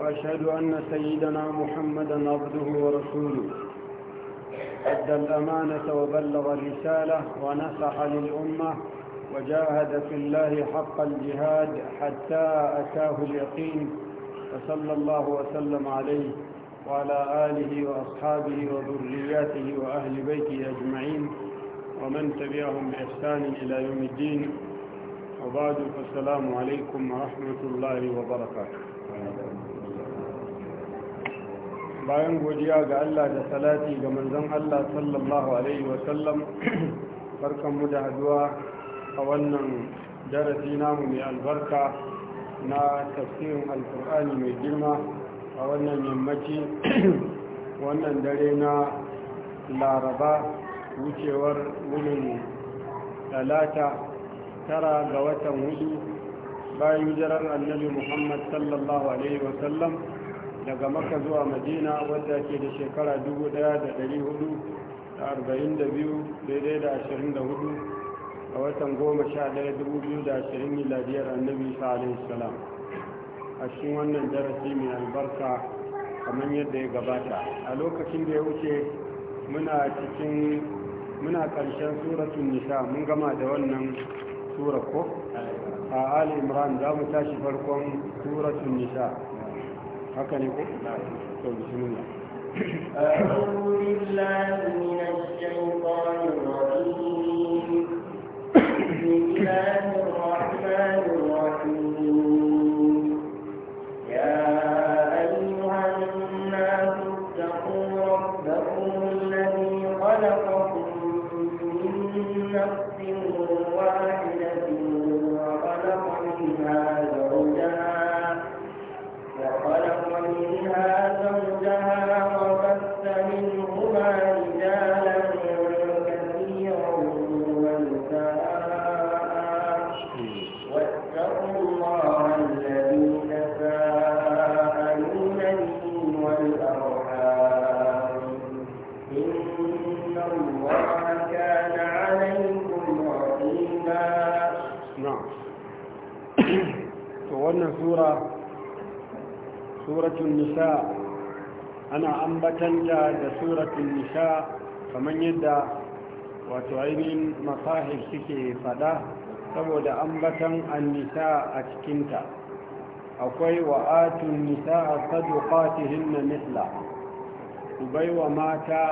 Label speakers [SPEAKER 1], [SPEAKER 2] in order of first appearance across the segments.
[SPEAKER 1] وأشهد أن سيدنا محمدا عبده ورسوله أدى الأمانة وبلغ الرسالة ونصح للأمة وجاهد في الله حق الجهاد حتى أتاه اليقين وصلى الله وسلم عليه وعلى آله وأصحابه وذرياته وأهل بيته أجمعين ومن تبعهم بإحسان إلى يوم الدين وبعد فالسلام عليكم ورحمة الله وبركاته bayan godiya ga Allah da salati ga manzon Allah sallallahu alaihi wa sallam barkan mu da haduwa a wannan darasi namu mai albarka na tafsirin alkur'ani mai girma a wannan yammaci wannan dare na laraba wucewar wunin talata tara ga watan hudu bayan jirar annabi muhammad sallallahu alaihi wa sallam daga maka zuwa madina wadda ke da shekara 1442 daidai da 24 a watan 11,2020 miladiyar annabi isa alaihissalam a cikin wannan darasi mai albarka kamar yadda ya gabata a lokacin da ya wuce muna cikin muna karshen suratun nisa mun gama da wannan sura ko a ali imran za mu tashi farkon suratun nisa haka ne ko to bismillah
[SPEAKER 2] أعوذ بالله من الشيطان الرجيم بسم الله الرحمن الرحيم يا أيها الناس اتقوا ربكم الذي خلقكم من نفس
[SPEAKER 1] sura suratun nisa ana ambatanta da suratun nisa kamar yadda wato ainihin masahib suke fada saboda ambatan anisa a cikinta akwai wa'atun nisa a sadukatihin na nisla su baiwa mata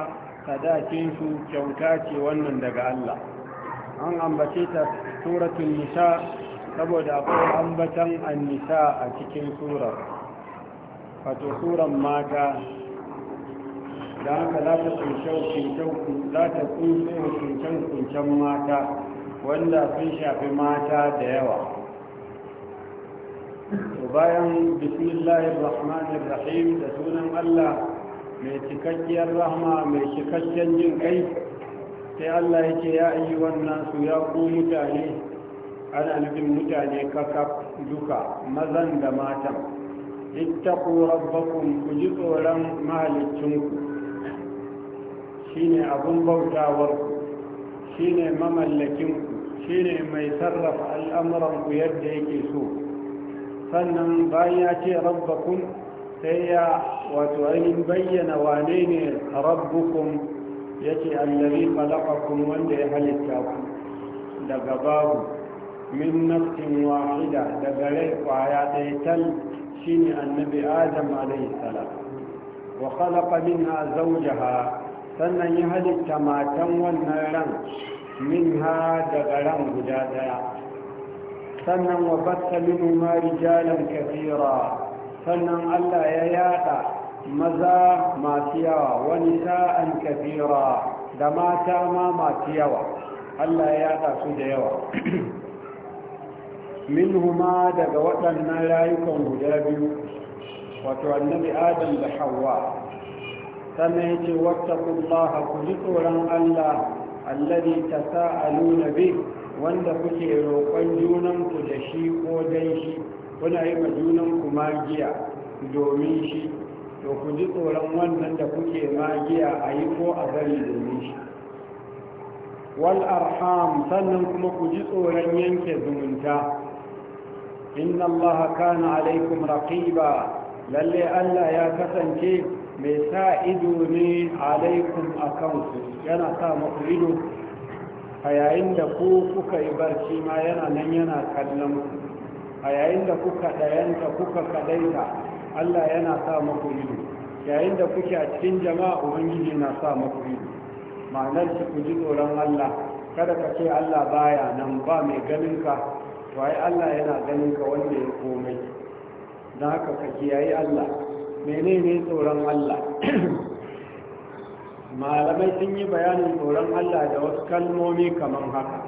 [SPEAKER 1] sadakinsu kyauta ce wannan daga Allah an ambace ta suratun nisa saboda akwai ambatan annisa a cikin surar wato surar mata da haka za ta kunce kuncen mata wanda sun shafi mata da yawa bayan bismillahir rahmanir rahim da sunan Allah mai cikakkiyar rahma mai cikakken jin kai sai Allah yake ya wannan nasu ya ku mutane ana nufin mutane kakaf duka mazan da matan ittaqu rabbakum ku ji tsoron mahalicinku ne abun bautawar ne mamallakinku ne mai sarrafa al'amuranku yadda yake so sannan bayan ya ce rabbakum sai ya wato ainihin bayyana wane ne rabbukum ya ce allazi khalaqakum wanda ya halitta ku daga babu min nafsin wahida daga rai kwaya ɗaya tal ne annabi adam alaihi salam wa khalaqa minha zawjaha sannan ya halitta matan wannan ran minha daga ran guda ɗaya sannan wa batta minhuma rijalan kathira sannan Allah ya yada maza masu yawa wani sa'an kathira da mata ma masu yawa Allah ya yada su da yawa minhuma daga waɗannan rayukan guda biyu wato annabi adam da hawa sannan ya ce kullaha ku ji tsoron allah alladi ta sa sa'aluna bi wanda kuke roƙon junanku da shi ko dai shi kuna yi ma junanku magiya domin shi to ku ji tsoron wannan da kuke magiya a yi ko a bari domin shi wal arham sannan kuma ku ji tsoron yanke zumunta inna allaha kana alaikum raqiba lalle allah ya kasance mai sa ido ne alaikum akansu yana sa muku a yayin da ku kuka yi barci ma yana nan yana kallon ku a yayin da kuka ɗayanta kuka kadaita allah yana sa muku yayin da kuke a cikin jama'a ubangiji na sa muku ido ma'anar ku ji tsoron allah kada ka ce allah baya nan ba mai ganin ka to Allah yana ganin ka wanda ya komai don haka ka kiyaye Allah menene tsoron Allah malamai sun yi bayanin tsoron Allah da wasu kalmomi kamar haka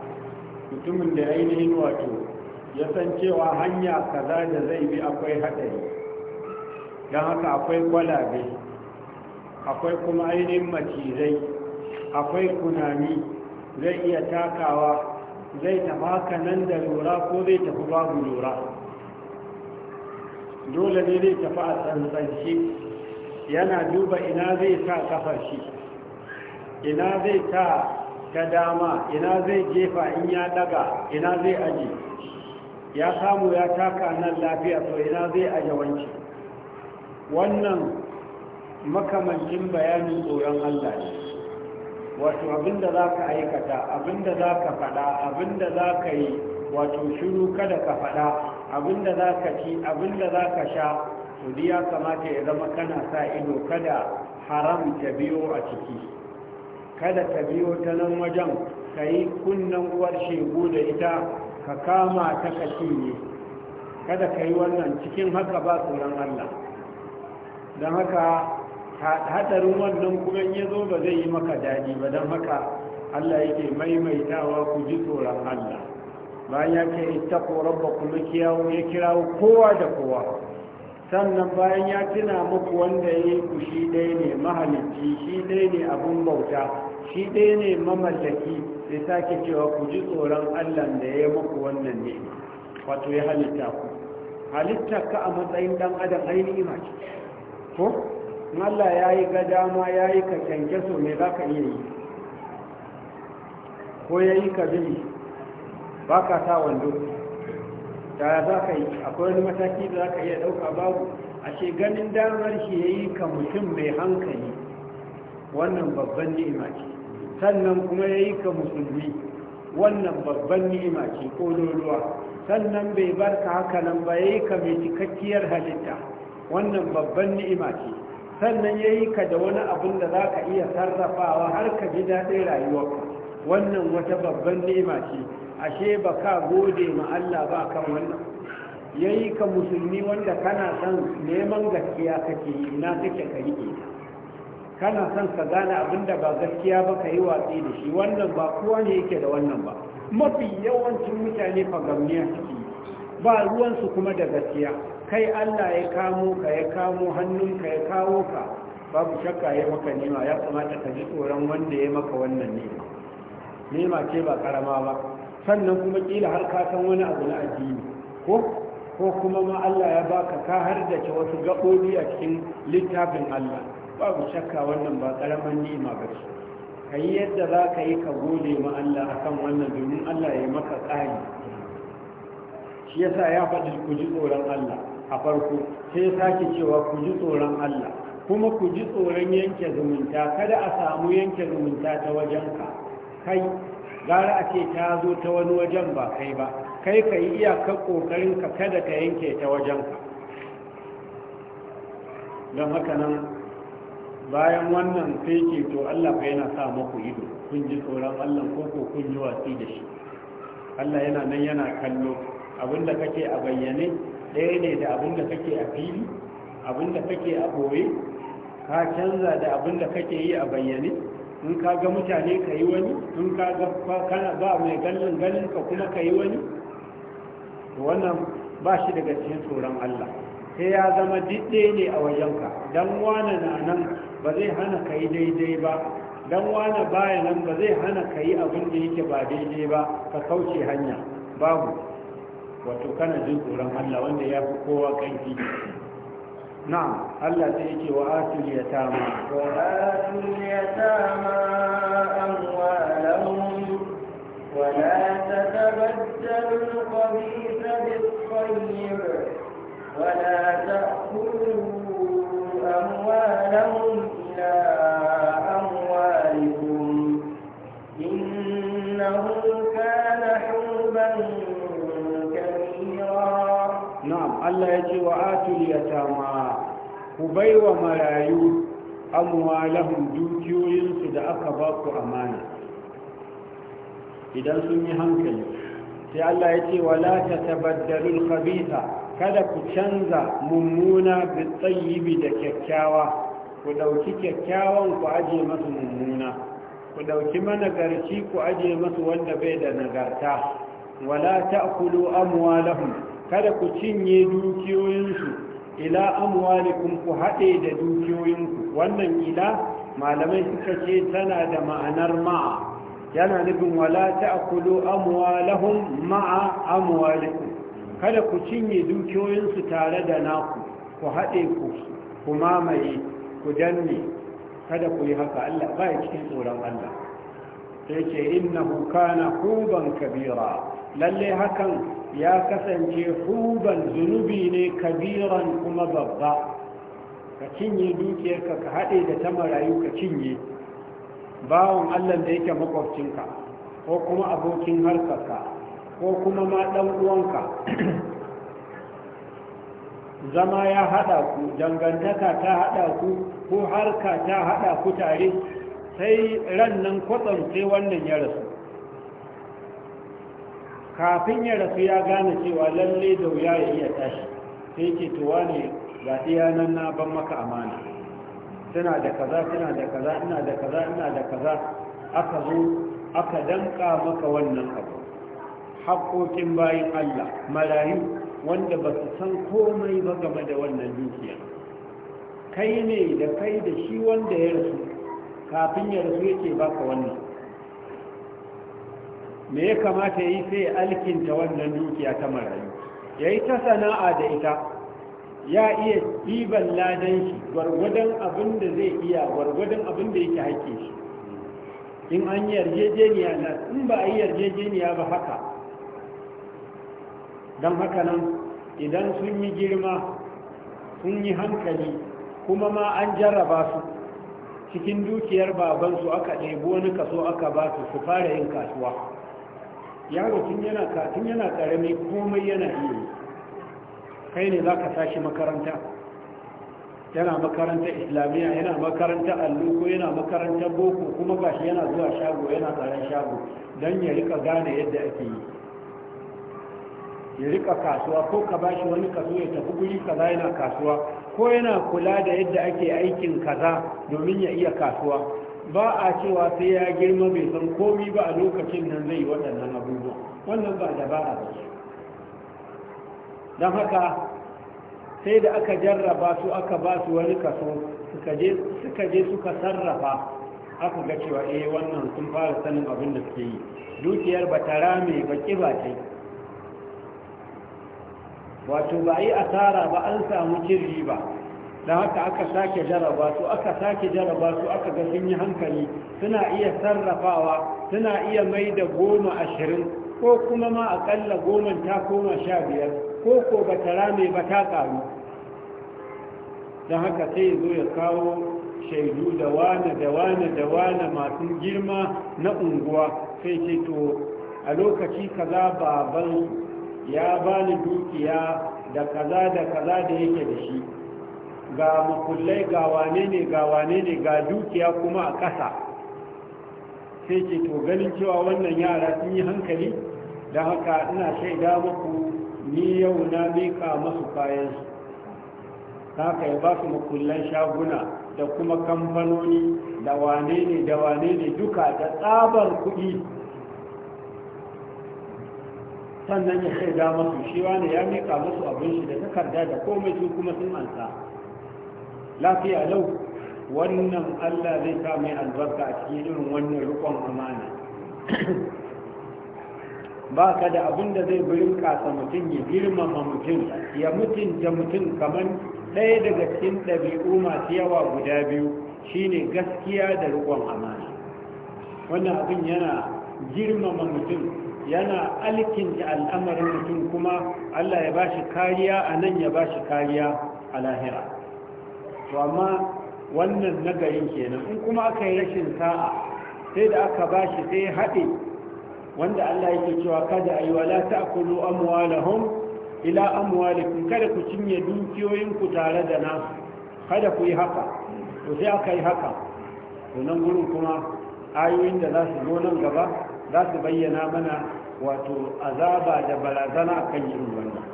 [SPEAKER 1] mutumin da ainihin wato ya san cewa hanya kaza da zai bi akwai haɗari don haka akwai kwalabe akwai kuma ainihin macizai akwai kunami zai iya takawa zai tafi haka nan da lura ko zai tafi babu lura dole ne zai tafi a tsantsance yana duba ina zai sa kafar shi ina zai ta ta dama ina zai jefa in ya daga ina zai aji ya samu ya taka nan lafiya to ina zai aje wanci wannan makamancin bayanin tsoron allah ne wato abinda za ka aikata abinda za ka faɗa abinda za ka yi wato shiru kada ka faɗa abinda za ka ci abinda za ka sha to ya kamata ya zama kana sa ido kada haram ta biyo a ciki kada ta biyo ta nan wajen ka yi kunnen uwar shegu da ita ka kama ta ka cinye kada ka yi wannan cikin haka ba tsoron allah don haka hadarin wannan kuma ya zo ba zai yi maka daɗi ba don haka Allah yake maimaitawa ku ji tsoron Allah bayan ya ce ittaqu rabbakum kiyawo ya kira kowa da kowa sannan bayan ya tuna muku wanda yayi ku shi ɗaya ne mahalicci shi ɗaya ne abun bauta shi ɗaya ne mamallaki sai sake cewa ku ji tsoron Allah da ya muku wannan ne wato ya halitta ku halitta ka a matsayin ɗan adam ainihi ma ko malla ya yi ga dama ya yi ka kyanke so mai za ka iya yi ko ya yi ka zini ba ka sa wando da za ka yi akwai wani mataki da za ka iya ɗauka babu ce ganin damar shi ya yi ka mutum mai hankali wannan babban ni'ima ce sannan kuma ya yi ka musulmi wannan babban ni'ima ce ko loluwa sannan bai bar ka haka nan ba ya yi ka mai cikakkiyar halitta wannan babban ni'ima ce sannan ya yi ka da wani abin da za ka iya sarrafawa har ka ji daɗin rayuwa wannan wata babban nema ce ashe ba ka gode ma Allah ba kan wannan ya yi ka musulmi wanda kana son neman gaskiya kake yi na kake ka yi kana son ka gane abin da ba gaskiya ba ka yi watsi da shi wannan ba kowa ne yake da wannan ba mafi yawancin mutane fagamniya ciki ba ruwansu kuma da gaskiya kai Allah ya kamo ka ya kamo hannunka ya kawo ka babu shakka ya maka nema ya kamata ka ji tsoron wanda ya maka wannan nema nema ce ba karama ba sannan kuma kila har ka san wani abu na addini ko ko kuma ma Allah ya baka ka har da ke wasu gaɓoɓi a cikin littafin Allah babu shakka wannan ba karaman nema ba ce ka yi yadda za ka yi ka gode ma Allah akan wannan domin Allah ya maka tsari shi yasa ya faɗi ku ji tsoron Allah a farko sai sake cewa ku ji tsoron Allah kuma ku ji tsoron yanke zumunta kada a samu yanke zumunta ta wajenka kai gara a ce ta zo ta wani wajen ba kai ba kai ka yi iyakar ka kada ka yanke ta wajenka don haka nan bayan wannan sai ce to Allah ba yana sa muku ido kun ji tsoron Allah ko ko kun yi watsi da shi Allah yana nan yana kallo abinda kake a bayyane ɗaya ne da abin da kake a fili abin da kake a boye ka canza da abin da kake yi a bayyane in ka ga mutane ka yi wani in ka ga kana ba mai gallin ganin ka kuma ka yi wani wannan ba shi daga cikin tsoron Allah sai ya zama diɗɗe ne a wajenka don wane na nan ba zai hana ka yi daidai ba don wane baya nan ba zai hana ka yi abin da yake ba daidai ba ka kauce hanya babu wato kana jin tsoron Allah wanda ya fi kowa kanki na'am Allah sai yake wa atul yatama wa
[SPEAKER 2] atul yatama amwalahum wa la tatabaddalu al-khabitha bis-tayyib wa la ta'kulu amwalahum ila
[SPEAKER 1] Allah ya ce wa atul yatama ku bai wa marayu amwalahum dukiyoyinsu da aka ba ku amana idan sun yi hankali sai Allah ya ce wala ta al-khabitha kada ku canza mummuna bi da kyakkyawa ku dauki kyakkyawan ku aje masu mummuna ku dauki managarci ku aje masu wanda bai da nagarta wala ta'kulu amwalahum kada ku cinye dukiyoyinsu ila amwalikum ku haɗe da dukiyoyinku wannan ila malamai suka ce tana da ma'anar ma'a yana nufin wala ta'kulu amwalahum ma'a amwalikum kada ku cinye dukiyoyinsu tare da naku ku haɗe ku ku mamaye ku danne kada ku yi haka Allah ba ya cikin tsoron Allah sai ce innahu kana kuban kabira lalle hakan ya kasance huban zunubi ne kabiran kuma babba ka cinye dukiyarka ka haɗe da ta marayu ka cinye bawon allah da yake makwabcinka ko kuma abokin harkarka ko kuma ma ɗan uwanka zama ya haɗa ku dangantaka ta haɗa ku ko harka ta haɗa ku tare sai ran nan kwatsam sai wannan ya rasu kafin ya rasu ya gane cewa lalle da wuya ya iya tashi sai ce to ne ga iyanan na ban maka amana Suna da kaza suna da kaza ina da kaza ina da kaza aka zo aka danka maka wannan abu haƙoƙin bayan Allah marayu wanda ba su san komai ba game da wannan dukiya kai ne da kai da shi wanda ya rasu kafin ya rasu yake baka wannan me ya kamata yi sai alkinta wannan dukiya ta marayu ya yi ta sana'a da ita ya iya ɗiban ladan shi gwargwadon abin da zai iya gwargwadon abin da yake haƙƙe shi in an yi yarjejeniya na in ba a yi yarjejeniya ba haka don haka nan idan sun yi girma sun yi hankali kuma ma an jarraba su cikin dukiyar babansu aka ɗebo wani kaso aka ba su su fara yin kasuwa yaro tun yana katun yana komai yana iya kai ne za ka tashi makaranta yana makaranta islamiyya yana makaranta alluko yana makaranta boko kuma shi yana zuwa shago yana tsaron shago don ya rika gane yadda ake yi ya rika kasuwa ko ka bashi wani kaso ya tafi guri kaza yana kasuwa ko yana kula da yadda ake aikin kaza domin ya iya kasuwa ba a cewa sai ya girma bai san komi ba a lokacin nan zai waɗannan abubuwa wannan ba da ba a don haka sai da aka jarraba su aka ba su wani kaso suka je suka sarrafa aka ga cewa eh wannan sun fara sanin abin da suke yi dukiyar ba ta rame ba kiba ce wato ba yi asara ba an samu cin riba da haka aka sake jaraba su aka sake jaraba su aka ga sun yi hankali suna iya sarrafawa suna iya mai da goma ashirin ko kuma ma akalla goma ta koma sha biyar ko ko ba ta rame ba ta karu don haka sai zo ya kawo shaidu da wane da wane da wane masu girma na unguwa sai ce to a lokaci kaza babal ya bani dukiya da kaza da kaza da yake da shi ga makullai ga wane ne ga wane ne ga dukiya kuma a ƙasa sai ke to ganin cewa wannan yara sun yi hankali da haka ina shaida muku ni yau na miƙa masu kayansu ta haka ya ba su makullan shaguna da kuma kamfanoni da wane ne da wane ne duka da tsabar kuɗi sannan ya shaida masu shi wane ya mika masu abin shi da takarda da komai su kuma sun ansa lafiya lau wannan Allah zai sa mai albarka a cikin irin wannan rikon amana ba ka da abin da zai birin kasa mutum ya girmama mutum ya mutunta mutum kamar ɗaya daga cikin ɗabi'u masu yawa guda biyu shine gaskiya da rikon amana wannan abin yana girmama mutum yana alkinta al'amarin mutum kuma Allah ya bashi kariya a nan ya bashi kariya a lahira to amma wannan nagarin kenan in kuma aka yi rashin sa'a sai da aka bashi sai haɗe wanda Allah yake cewa kada ayi wala ta'kulu amwalahum ila amwalikum kada ku cinye dukiyoyin ku tare da na, kada ku yi haka to sai aka yi haka to nan gurin kuma ayoyin da za su zo nan gaba za su bayyana mana wato azaba da barazana akan irin wannan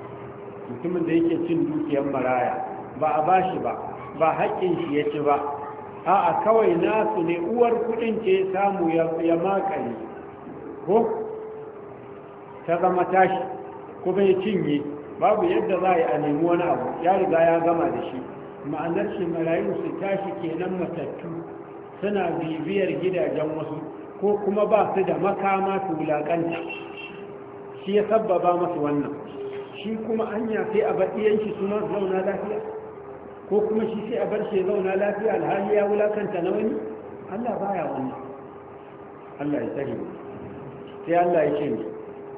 [SPEAKER 1] mutumin da yake cin dukiyar maraya ba a bashi ba ba haƙƙin shi ya ci ba a'a kawai nasu ne uwar kuɗin ce samu ya makale ko ta zama tashi Ko bai cinye babu yadda za a yi a nemi wani abu ya riga ya gama da shi ma'anar shi marayu su tashi kenan matattu suna bibiyar gidajen wasu ko kuma ba su da makama su wulaƙanta shi ya sabbaba masu wannan shi kuma anya sai a baɗiyanshi shi suna zauna lafiya ko kuma shi sai a bar shi zauna lafiya alhali ya wulakanta na wani Allah baya wani Allah ya tsare sai Allah ya ce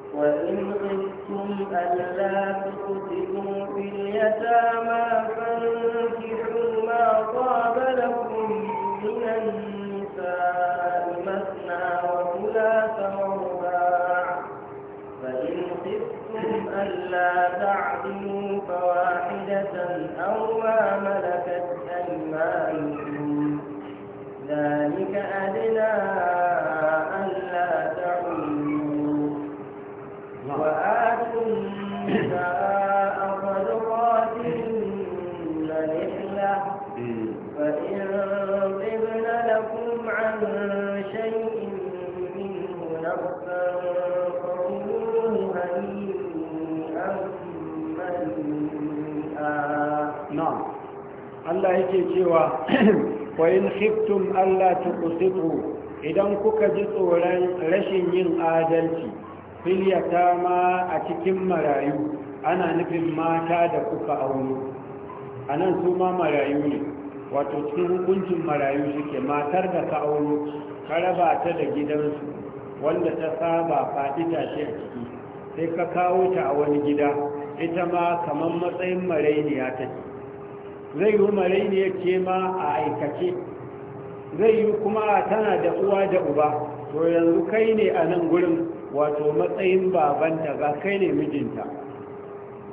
[SPEAKER 1] وإن
[SPEAKER 2] خفتم ألا تقسطوا في اليتامى فانكحوا ما طاب لكم ألا تعدلوا فواحدة أو ما ملكت أيمانكم ذلك أدنى ألا تعولوا وآتوا النساء صدقاتهن نحلة فإن طبن لكم عن
[SPEAKER 1] Allah yake cewa wa in khiftum alla tuqsitu idan kuka ji tsoron rashin yin adalci fil yatama a cikin marayu ana nufin mata da kuka aure anan su ma marayu ne wato cikin hukuncin marayu suke matar da ka aure ka raba ta da gidansu wanda ta saba faɗi shi a ciki sai ka kawo ta a wani gida ita ma kamar matsayin marainiya take zai yi ya ce ma a aikace zai yi kuma a tana da uwa da uba to yanzu kai ne a nan gurin wato matsayin babanta ga kai ne mijinta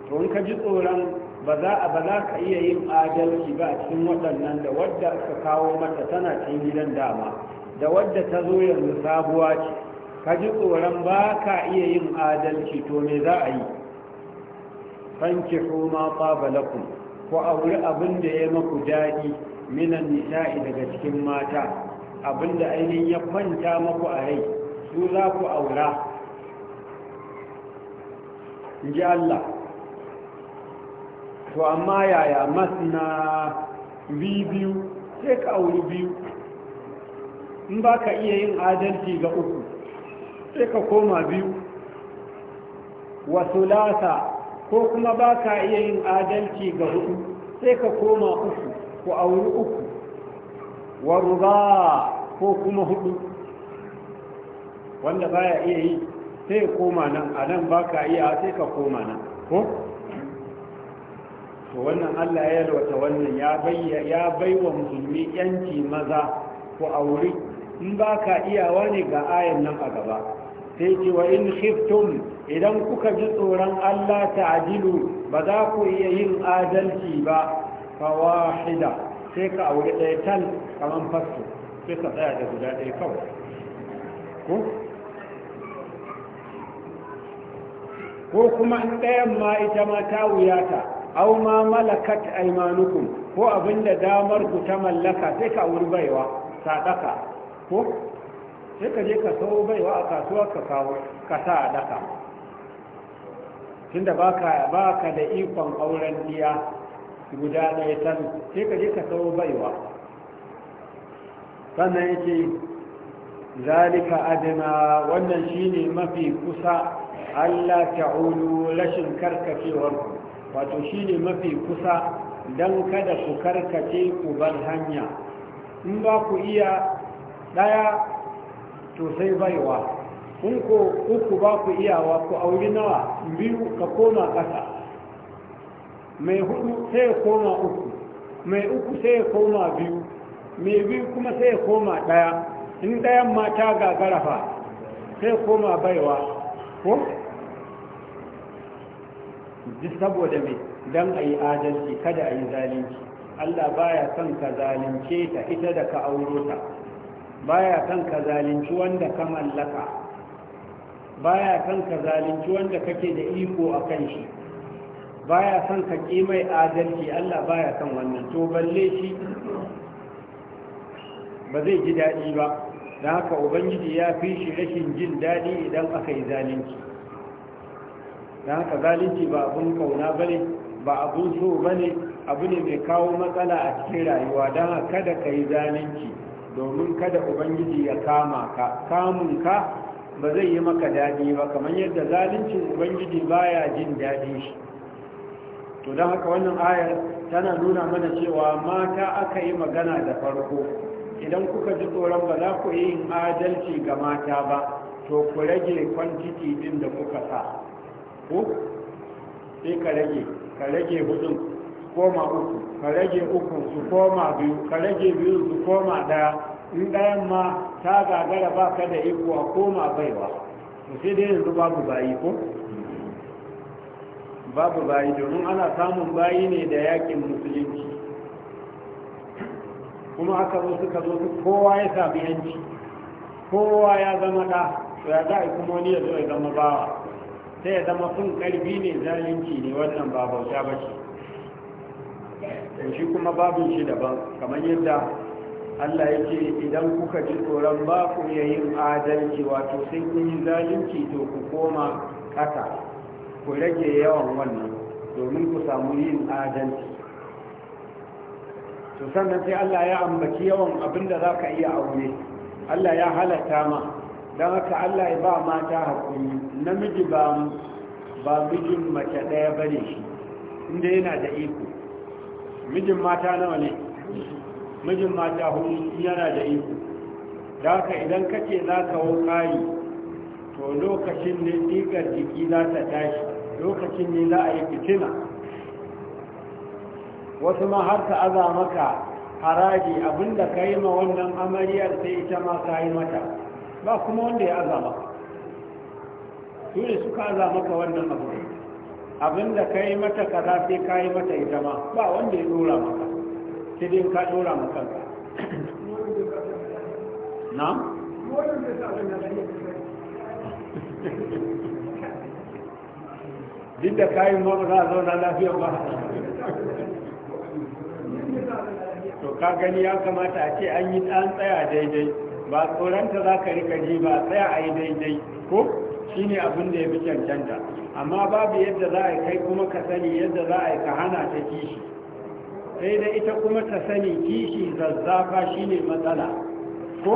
[SPEAKER 1] to in ka ji tsoron ba za ka iya yin adalci ba a cikin waɗannan da wadda ka kawo mata tana cikin gidan dama da wadda ta zo yanzu sabuwa ce ka ji tsoron ba ka iya yin adalci to me za a yi fanki ma tsaba lakum ku auri abin da ya maku daɗi minan nisa'i daga cikin mata abin da ainihin ya kwanta maku a rai su za ku aura ji Allah to amma yaya masna biyu sai ka auri biyu in ba ka iya yin adalci ga uku sai ka koma biyu wasu lasa ko kuma ba ka iya yin adalci ga hudu sai ka koma uku a auri uku wa ruba ko kuma hudu wanda ba ya iya yi sai koma nan a nan ba ka iya sai ka koma nan ko to wannan allah ya yalwata wannan ya baiwa musulmi yanki maza a auri in ba ka iyawa ne ga ayan nan a gaba sai ce wa in khiftum idan kuka ji tsoron Allah ta'dilu ba za ku iya yin adalci ba fawahida sai ka aure ɗaya tal kamar fasto sai ka tsaya da guda ɗaya kawai ko ko kuma in ɗayan ma ita ma ta wuyata au ma malakat aimanukum ko abin da damar ku ta mallaka sai ka auri baiwa sadaka ko sai ka je ka sau baiwa a kasuwa ka kawo ka sa a daka tunda baka baka da ikon auren diya guda ɗaya tan sai ka je ka kawo baiwa sannan yake zalika adana wannan shine mafi kusa Allah ta'ulu rashin karkacewar wato shine mafi kusa don kada ku karkace ku bar hanya in ba ku iya ɗaya to sai baiwa in ko uku ba ku iyawa ku auri nawa biyu ka koma ƙasa mai hudu sai ya koma uku mai uku sai ya koma biyu mai biyu kuma sai ya koma ɗaya in ɗayan mata gagara fa sai koma baiwa ko duk saboda mai don a yi adalci kada a yi zalunci allah baya son ka zalunce ta ita da ka auro ta baya son ka zalunci wanda ka mallaka baya son ka zalunci wanda kake da iko a kan shi baya son ka mai adalci Allah baya son wannan to balle shi ba zai ji daɗi ba da haka ubangiji ya fi shi rashin jin daɗi idan aka yi zalunci da haka zalunci ba abun kauna ba ne ba abun so ba ne abu ne mai kawo matsala a cikin rayuwa don haka kada ka yi zalunci domin kada ubangiji ya kama ka kamun ka ba zai yi maka daɗi ba kamar yadda zalincin ubangiji baya jin daɗi shi to don haka wannan ayar tana nuna mana cewa mata aka yi magana da farko idan kuka ji tsoron ba za ku yi yin adalci ga mata ba to ku rage kwantiti din da kuka sa ko sai ka rage ka rage hudun koma uku ka rage uku su koma biyu ka rage biyu su koma daya in ɗayan ma ta gagara ba ka da iko a koma baiwa to sai dai yanzu babu bayi ko babu bayi domin ana samun bayi ne da yakin musulunci kuma aka zo suka zo su kowa ya sami yanci kowa ya zama ɗa to ya za a kuma wani ya zo ya zama bawa sai ya zama sun ƙarfi ne zalunci ne wannan ba bauta ba shi kuma babin shi daban kamar yadda Allah ya ce idan kuka ji tsoron ba ku ya yin adalci wato sai kun yi zalunci to ku koma ƙasa ku rage yawan wannan domin ku samu yin adalci to sannan sai Allah ya ambaci yawan abin da za ka iya aure Allah ya halatta ma don haka Allah ya ba mata hakuri namiji ba ba mijin mace ɗaya bane shi inda yana da iko mijin mata nawa ne mijin mata hudu yana da iko da haka idan kace za ka wo kayi to lokacin ne ɗigar jiki za ta tashi lokacin ne za a yi fitina wasu ma har ta aza maka haraji abinda ka yi ma wannan amaryar sai ita ma ka yi mata ba kuma wanda ya aza maka su ne suka aza maka wannan abu abinda ka yi mata kaza sai ka yi mata ita ma ba wanda ya dora maka sai ka dora ma kanka na duk da kayan mawa za a zauna lafiya ba to ka gani ya kamata a ce an yi ɗan tsaya daidai ba tsoronta za ka rika ji ba tsaya a yi daidai ko shi ne abin da ya fi cancanta amma babu yadda za a kai kuma ka sani yadda za a yi ka hana ta kishi sai da ita kuma ta sani kishi zazzafa shine matsala ko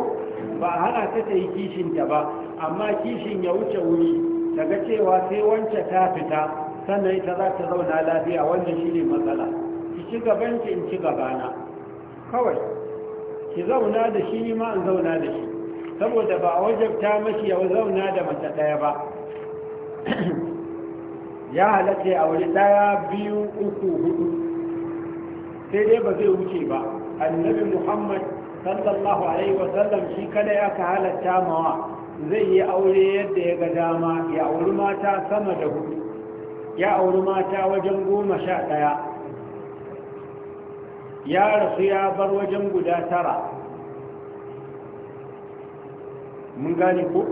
[SPEAKER 1] ba a hana ta ta yi kishin ta ba amma kishin ya wuce wuri daga cewa sai wance ta fita sannan ita za ta zauna lafiya wannan shine matsala ki ci gaban ki in ci gabana kawai ki zauna da shi ma in zauna da shi saboda ba a wajabta mashi ya zauna da mace ɗaya ba ya halatta a wuri ɗaya biyu uku hudu sai dai ba zai wuce ba annabi muhammad sallallahu alaihi wa sallam shi kada ya ka halatta mawa zai yi aure yadda ya ga dama ya auri mata sama da hudu ya auri mata wajen goma sha ɗaya ya rasu ya bar wajen guda tara mun gane ko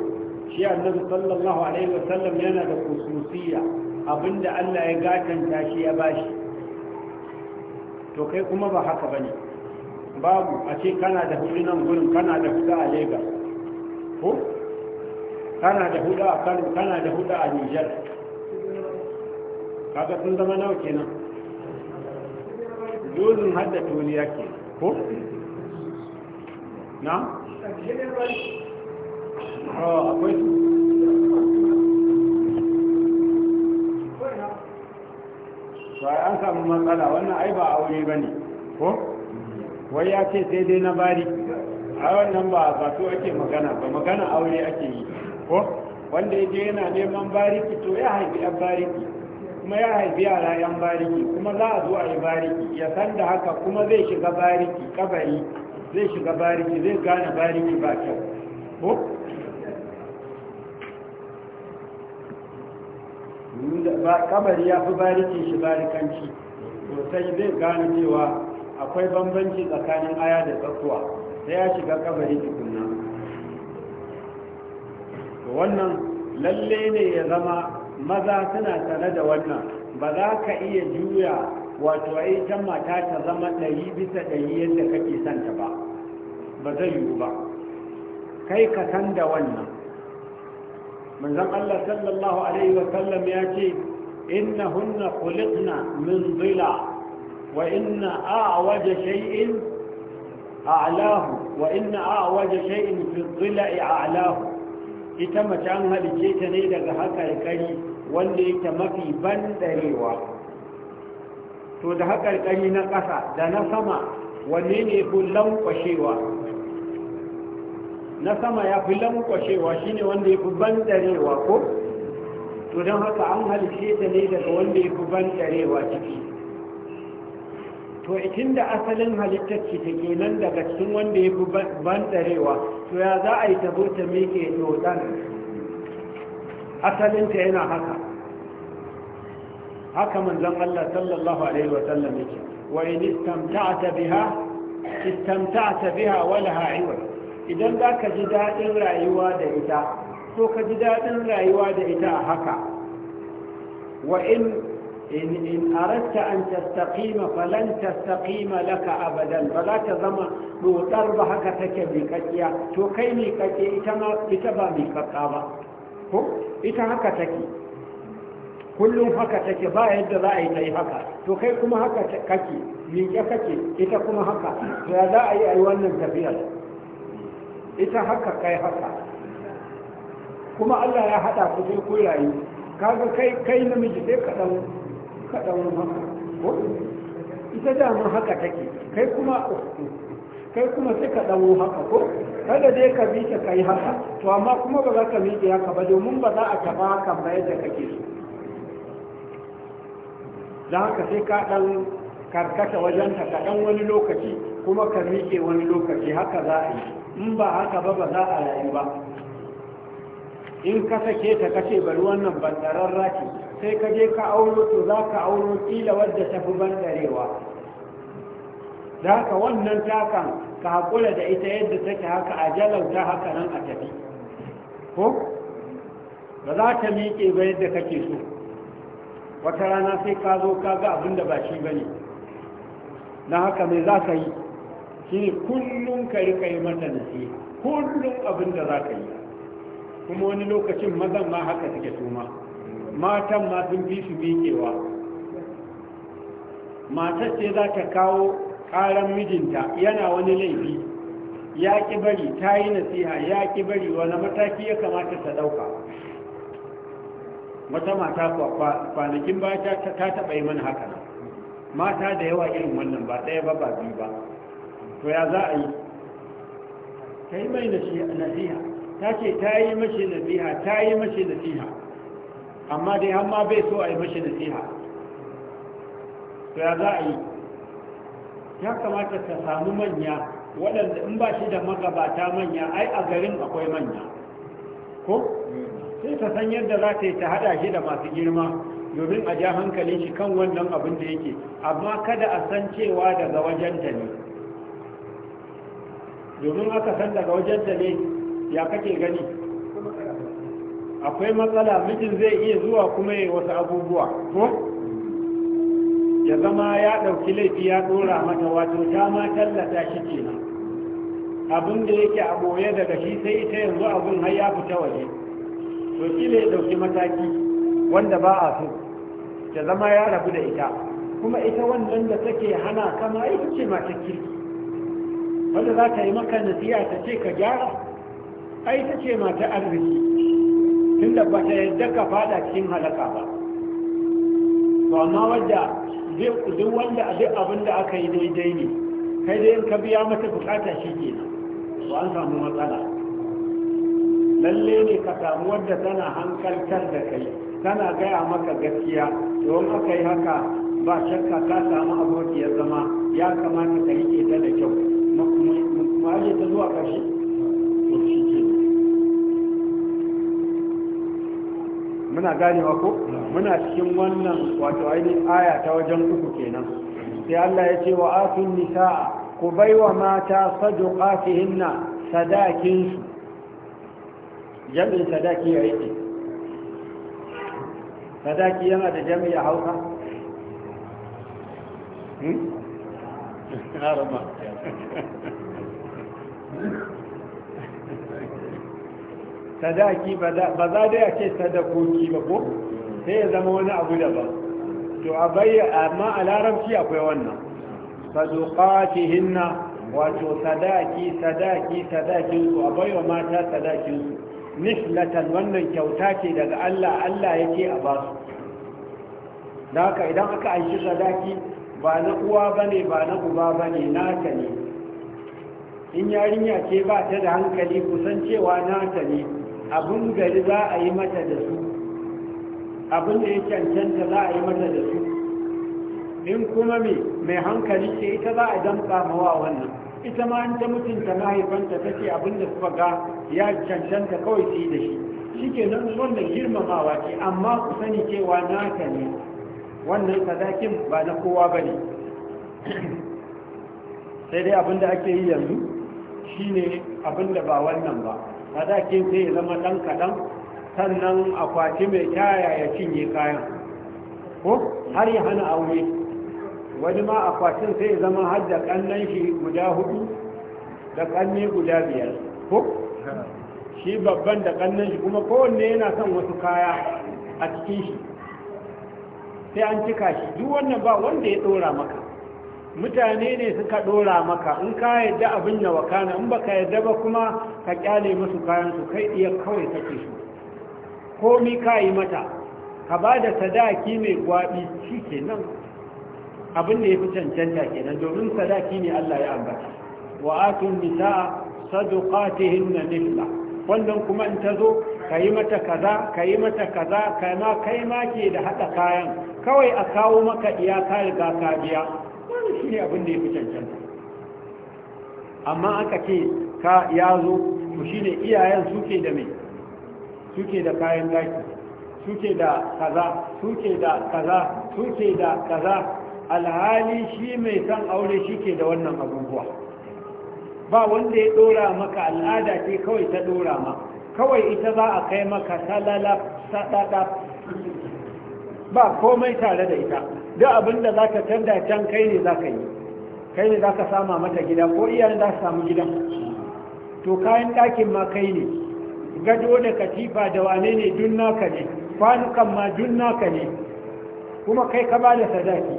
[SPEAKER 1] shi annabi sallallahu alaihi wa sallam yana da kususiya abinda Allah ya gatanta shi ya bashi to kai kuma ba haka ba ne babu a ce kana da hudu nan gurin kana da hudu a lagos ko kana da hudu a kano kana da hudu a niger kaga sun zama nawa kenan dozin har da toliya ke ko na? Ah, akwai su ba an samu matsala wannan ai ba aure ba ne ko wai ya ce sai dai na bari a wannan ba ba to ake magana ba magana aure ake yi ko wanda ya je yana neman bariki to ya haifi yan bariki kuma ya haifi yara yan bariki kuma za a zo a yi bariki ya san da haka kuma zai shiga bariki kabari zai shiga bariki zai gane bariki ba kyau ko kabari ya fi barikin shi barikanci sosai zai gane cewa akwai bambanci tsakanin aya da tsakuwa sai ya shiga kabari tukunna wannan lalle ne ya zama maza suna tare da wannan ba za ka iya juya wato a ita mata ta zama ɗari bisa ɗari yadda kake santa ba ba zai yiwu ba kai ka san da wannan manzon Allah sallallahu alaihi wa sallam ya ce innahunna khuliqna min dhila wa inna a'waja shay'in a'lahu wa inna a'waja ita mace an halice ta ne daga hakarkari wanda yake mafi bandarewa to da hakarkari na ƙasa da na sama wanne ne fi na sama ya fi lankwashewa ne wanda ya fi tsarewa ko to don haka an halishe ta ne daga wanda ya fi tsarewa ciki to ikin da asalin halittar ciki ta nan daga cikin wanda ya fi tsarewa to ya za a yi tabo ta meke asalin asalinta yana haka haka manzon Allah sallallahu alaihi wa sallam yake wa in istamta'ta biha istamta'ta biha wa laha iwaj idan za ka ji daɗin rayuwa da ita so ka ji daɗin rayuwa da ita a haka wa in in aratta an tastaqima falan tastaqima laka abadan ba za ta zama dotsar ba haka take miƙaƙiya to kai miƙaƙe ita ma ita ba miƙaƙa ba ko ita haka take kullum haka take ba yadda za a yi ta yi haka to kai kuma haka kake miƙe kake ita kuma haka to ya za a yi a yi wannan tafiyar ita haka kai haka kuma Allah ya hada ku sai ku rayu kaga kai kai namiji sai ka dan ka dan haka ko ita da mun haka take kai kuma kai kuma sai ka dan haka ko kada dai ka bi ta kai haka to amma kuma ba za ka miƙe haka ba domin ba za a taba haka ba yadda kake so dan haka sai ka dan karkata wajen ka dan wani lokaci kuma ka miƙe wani lokaci haka za a yi in ba haka ba ba za a rayu ba in ka sake ta kace bari wannan bandaran raki sai ka je ka auro to za ka auro kila wadda ta fi bandarewa da haka wannan takan ka hakura da ita yadda take haka a jalauta haka nan a tafi ko ba za ta miƙe ba yadda kake so wata rana sai ka zo ka ga abinda da ba shi ba ne na haka mai za ka yi shine kullum ka rika yi mata nasi, kullum abin da za ka yi kuma wani lokacin mazan ma haka suke tuma matan ma sun fi su bikewa matar ce za ta kawo karan mijinta yana wani laifi ya ki bari ta yi nasiha ya ki bari wani mataki ya kamata ta ɗauka wata mata kwanakin ba ta taɓa yi mana haka mata da yawa irin wannan ba ɗaya ba ba biyu ba to ya za a yi ta yi mai nasiha ta ce ta yi mashi nasiha ta yi mashi nasiha amma dai hamma bai so a yi mashi nasiha to ya za a yi ya kamata ta samu manya waɗanda in ba shi da magabata manya ai a garin akwai manya ko sai ta san yadda za ta yi ta hada shi da masu girma domin a ja hankalin shi kan wannan abin da yake amma kada a san cewa daga wajen ta ne domin aka san daga wajen da ne ya kake gani akwai matsala mijin zai iya zuwa kuma ya wasu abubuwa ko ya zama ya ɗauki laifi ya ɗora mata wato ta ma tallata shi kenan abin da yake a ɓoye daga shi sai ita yanzu abin har ya fita waje to shi ne ya ɗauki mataki wanda ba a so ya zama ya rabu da ita kuma ita wannan da take hana kama ita ce mata kirki wanda za ta yi maka nasiya ta ce ka gyara ai ta ce mata arziki tun da ba ta yadda ka fada cikin halaka ba to amma wadda duk wanda a duk abin da aka yi daidai ne kai dai in ka biya mata bukata shi ke nan to an samu matsala lalle ne ka samu wadda tana hankaltar da kai tana gaya maka gaskiya don aka yi haka ba shakka ka samu abokiyar zama ya kamata ka yi ta da kyau Muna ta zuwa ƙarshe muna ganewa ko muna cikin wannan wato ainihin aya ta wajen uku kenan sai Allah ya ce wa atun nisa'a ku baiwa mata saduqatihinna sadakinsu jami'in sadaki ya yake sadaki yana da jami'a hausa?
[SPEAKER 3] harama hmm?
[SPEAKER 1] sadaki ba za da ya ce sadakoki ba ko sai ya zama wani abu daban to a bayyana amma a larabci akwai wannan hinna wato sadaki sadaki sadakin a baiwa mata sadakin nishlatan wannan kyauta ce daga Allah Allah yake a ba da haka idan aka aiki sadaki ba na uwa ba ne ba na uba ba ne naka ne in yarinya ce ba ta da hankali kusan cewa naka ne abin gari za a yi mata da su abin da ya cancanta za a yi mata da su in kuma mai hankali ce ita za a damka mawa wannan ita ma an ta mutunta mahaifanta ta ce abin da suka ga ya cancanta kawai su yi da shi shi ke nan da girmamawa ce amma ku sani cewa naka ne wannan sadakin ba na kowa ba ne sai dai abinda ake yi yanzu shine abinda ba wannan ba sadakin sai ya zama ɗan kaɗan sannan akwati mai kyaya ya cinye kayan ko har ya hana aure wani ma akwatin sai ya zama har da ƙannan shi guda hudu da ƙanne guda biyar ko shi babban da ƙannan shi kuma kowanne yana son wasu kaya a cikin shi sai an cika shi duk wannan ba wanda ya dora maka mutane ne suka dora maka in ka yadda abin ya wakana in baka yadda ba kuma ka kyale musu kayan su kai iya kawai kake su komi ka yi mata ka ba da sadaki mai gwabi shi kenan abin da ya fi cancanta kenan domin sadaki ne Allah ya ambata wa atun nisa sadaqatihinna nihla wannan kuma in ta zo ka yi mata kaza ka yi mata kaza kai ma kai ma ke da hada kayan kawai a kawo maka iya ka riga ka biya wani shi ne abin da ya fi cancanta amma aka ce ka ya zo to shi ne iyayen suke da mai suke da kayan daki suke da kaza suke da kaza suke da kaza alhali shi mai san aure shi ke da wannan abubuwa ba wanda ya dora maka al'ada ce kawai ta dora ma kawai ita za a kai maka salala sadada ba komai tare da ita duk abinda da za ka canza can kai ne za yi kai ne za sama mata gida ko iyayen za su samu gidan to kayan ɗakin ma kai ne gado da katifa da wane ne dun naka ne kwanukan ma dun naka ne kuma kai ka ba da sadaki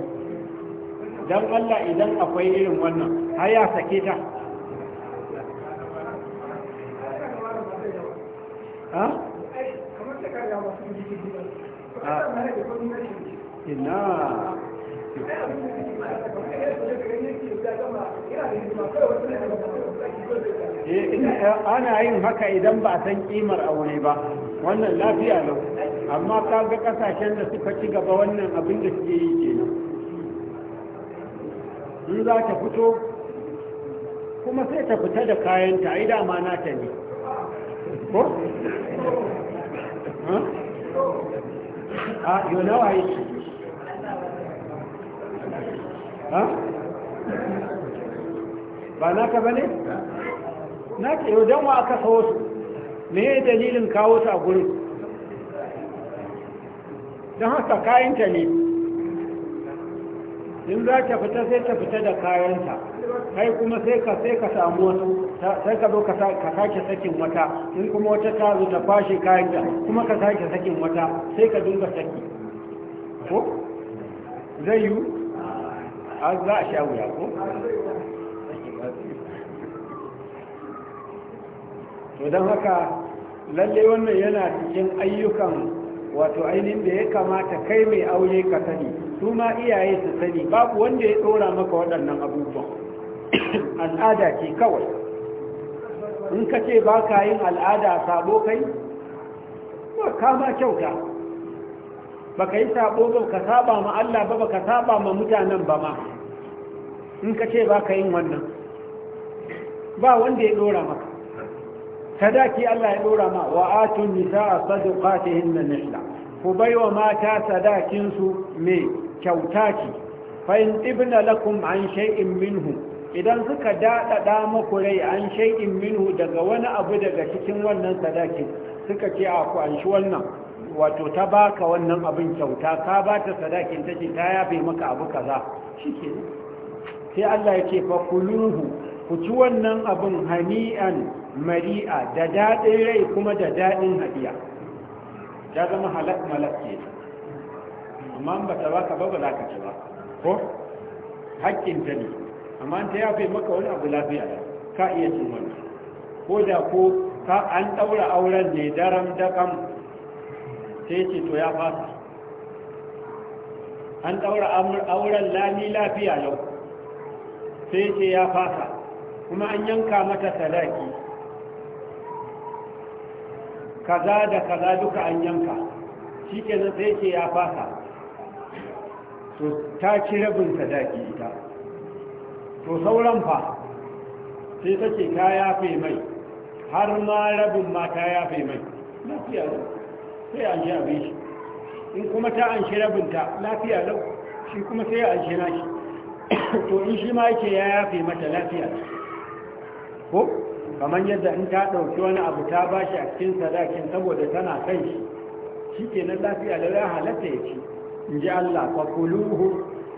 [SPEAKER 1] dan allah idan akwai irin wannan har ya sake ta
[SPEAKER 3] ha? ina eh, eh, ana yin haka
[SPEAKER 1] idan ba a san kimar aure ba wannan lafiya lau amma ka ga kasashen da suka ci gaba wannan abin da suke yi kenan in za ta fito kuma sai ta fita da kayanta ai na ta ne ko?
[SPEAKER 3] a yau nawa yake ha
[SPEAKER 1] ba naka ne, naka yau dan wa aka kawo su me ya dalilin kawo su a gurin don haka kayanta ne in za ta fita sai ta fita da kayanta kai kuma sai ka sai ka samu wasu sai ka zo ka sake sakin wata in kuma wata ta zo ta fashe kayanta kuma ka sake sakin wata sai ka dinga saki ko zai yi a za a sha wuya ko to don haka lalle wannan yana cikin ayyukan wato ainihin da ya kamata kai mai aure ka sani su ma iyaye su sani babu wanda ya dora maka waɗannan abubuwan al'ada ce kawai in ka ce ba ka yin al'ada sabo kai ba kama kyauta ba ka yi sabo ba ka saba ma Allah ba ba ka saba ma mutanen ba ma in ka ce ba ka yin wannan ba wanda ya ɗora maka sadaki Allah ya ɗora ma wa atun nisa a sadukatihin na nishla ku baiwa mata sadakinsu mai kyauta ce fa'in ibna lakum an shay'in minhu idan suka daɗaɗa maku rai an shay'in minhu daga wani abu daga cikin wannan sadaki suka ce a ku an shi wannan wato ta baka wannan abin kyauta ka ba ta sadakin ta ce ta yabe maka abu kaza shi sai Allah ya ce fa kuluhu ku ci wannan abin hani'an mari'a da daɗin rai kuma da daɗin hadiya Ya zama halak malak ke amma ba ta baka ba ba za ka ci ba ko hakkin ta ne amma ta yafe maka wani abu lafiya ka iya cin wani ko da ko ka an ɗaura auren ne daram daƙam sai ce to ya fasa an ɗaura auren lami lafiya yau sai ce ya fasa kuma an yanka mata sadaki kaza da kaza duka an yanka shi ke sai ce ya fasa to ta ci rabin sadaki ita to sauran fa sai take ta yafe mai har ma rabin ma ta yafe mai lafiya lau sai an ji abin shi in kuma ta an shi rabinta lafiya lau shi kuma sai an shi nashi to in shi ma yake ya yafe mata lafiya ko kamar yadda in ta ɗauki wani abu ta ba shi a cikin sadakin saboda tana kai shi shi ke nan lafiya lau ya halatta ya ci in ji Allah fa kuluhu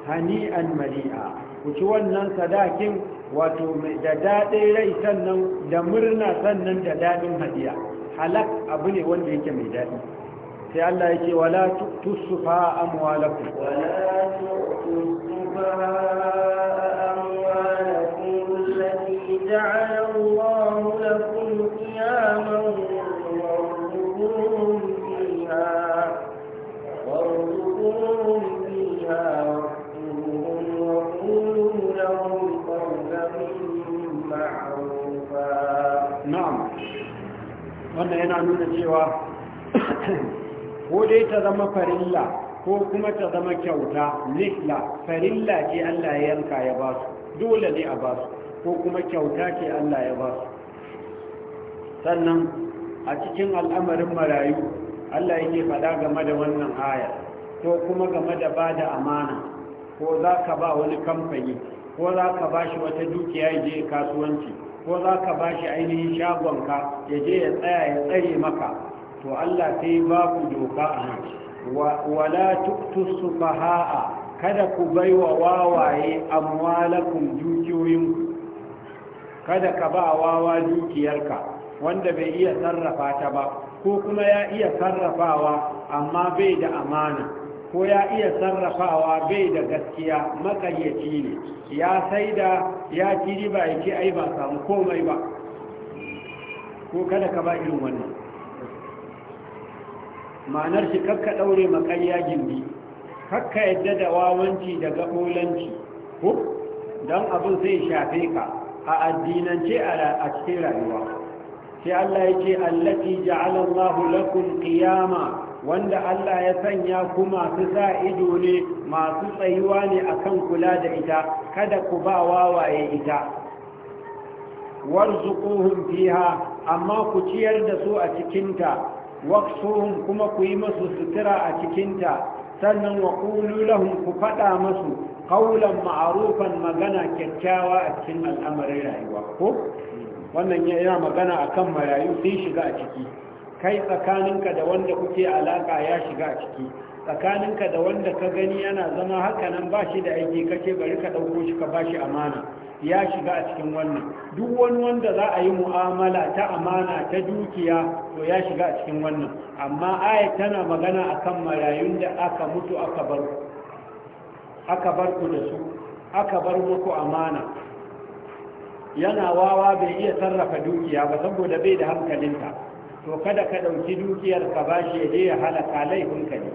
[SPEAKER 1] hani'an mari'a ku ci wannan sadakin wato da daɗin rai sannan da murna sannan da daɗin hadiya halak abu ne wanda yake mai daɗi sai Allah yake wala tusufa amwalakum wala nuna cewa ko dai ta zama farilla ko kuma ta zama kyauta nihla farilla ce Allah ya yanka ya ba su dole ne a ba su ko kuma kyauta ce Allah ya ba su sannan a cikin al'amarin marayu Allah yake faɗa game da wannan aya ko kuma game da ba da amana ko za ka ba wani kamfani ko za ka ba shi wata dukiya ya je kasuwanci ko za ka ba shi ainihin shagonka ya je ya tsaya ya tsaye maka to Allah sai ba ku doka a nan wala tuktu ha'a. kada ku bai wa wawaye amwalakum dukiyoyin kada ka ba wawa dukiyarka wanda bai iya sarrafa ta ba ko kuma ya iya sarrafawa amma bai da amana ko ya iya sarrafawa bai da gaskiya makayyaci ne ya sai da ya ci riba ya ce ai ba samu komai ba ko kada ka ba irin wannan ma'anar shi kakka ɗaure makayya gindi kakka yadda da wawanci da gaɓolanci ko don abin sai shafe ka a addinance a cikin rayuwa sai Allah ya ce allati ja'alallahu lakum wanda Allah ya sanya ku masu sa ido ne masu tsayuwa ne akan kula da ita kada ku ba wawaye ita warzuquhum fiha amma ku ciyar da su a cikinta waqsuhum kuma ku yi masu sutura a cikinta sannan wa qulu lahum ku fada masu qawlan ma'rufan magana kyakkyawa a cikin al'amarin rayuwa ko wannan yana magana akan marayu sai shiga a ciki kai tsakaninka da wanda kuke alaka ya shiga a ciki tsakaninka da wanda ka gani yana zama haka nan ba shi da aiki kake bari ka ɗauko shi ka bashi amana ya shiga a cikin wannan duk wani wanda za a yi mu'amala ta amana ta dukiya to ya shiga a cikin wannan amma aya tana magana akan marayun da aka mutu aka bar aka bar ku da su aka bar muku amana yana wawa bai iya sarrafa dukiya ba saboda bai da hankalinta to kada ka ɗauki dukiyar ka ba shi je ya halaka laifinka ne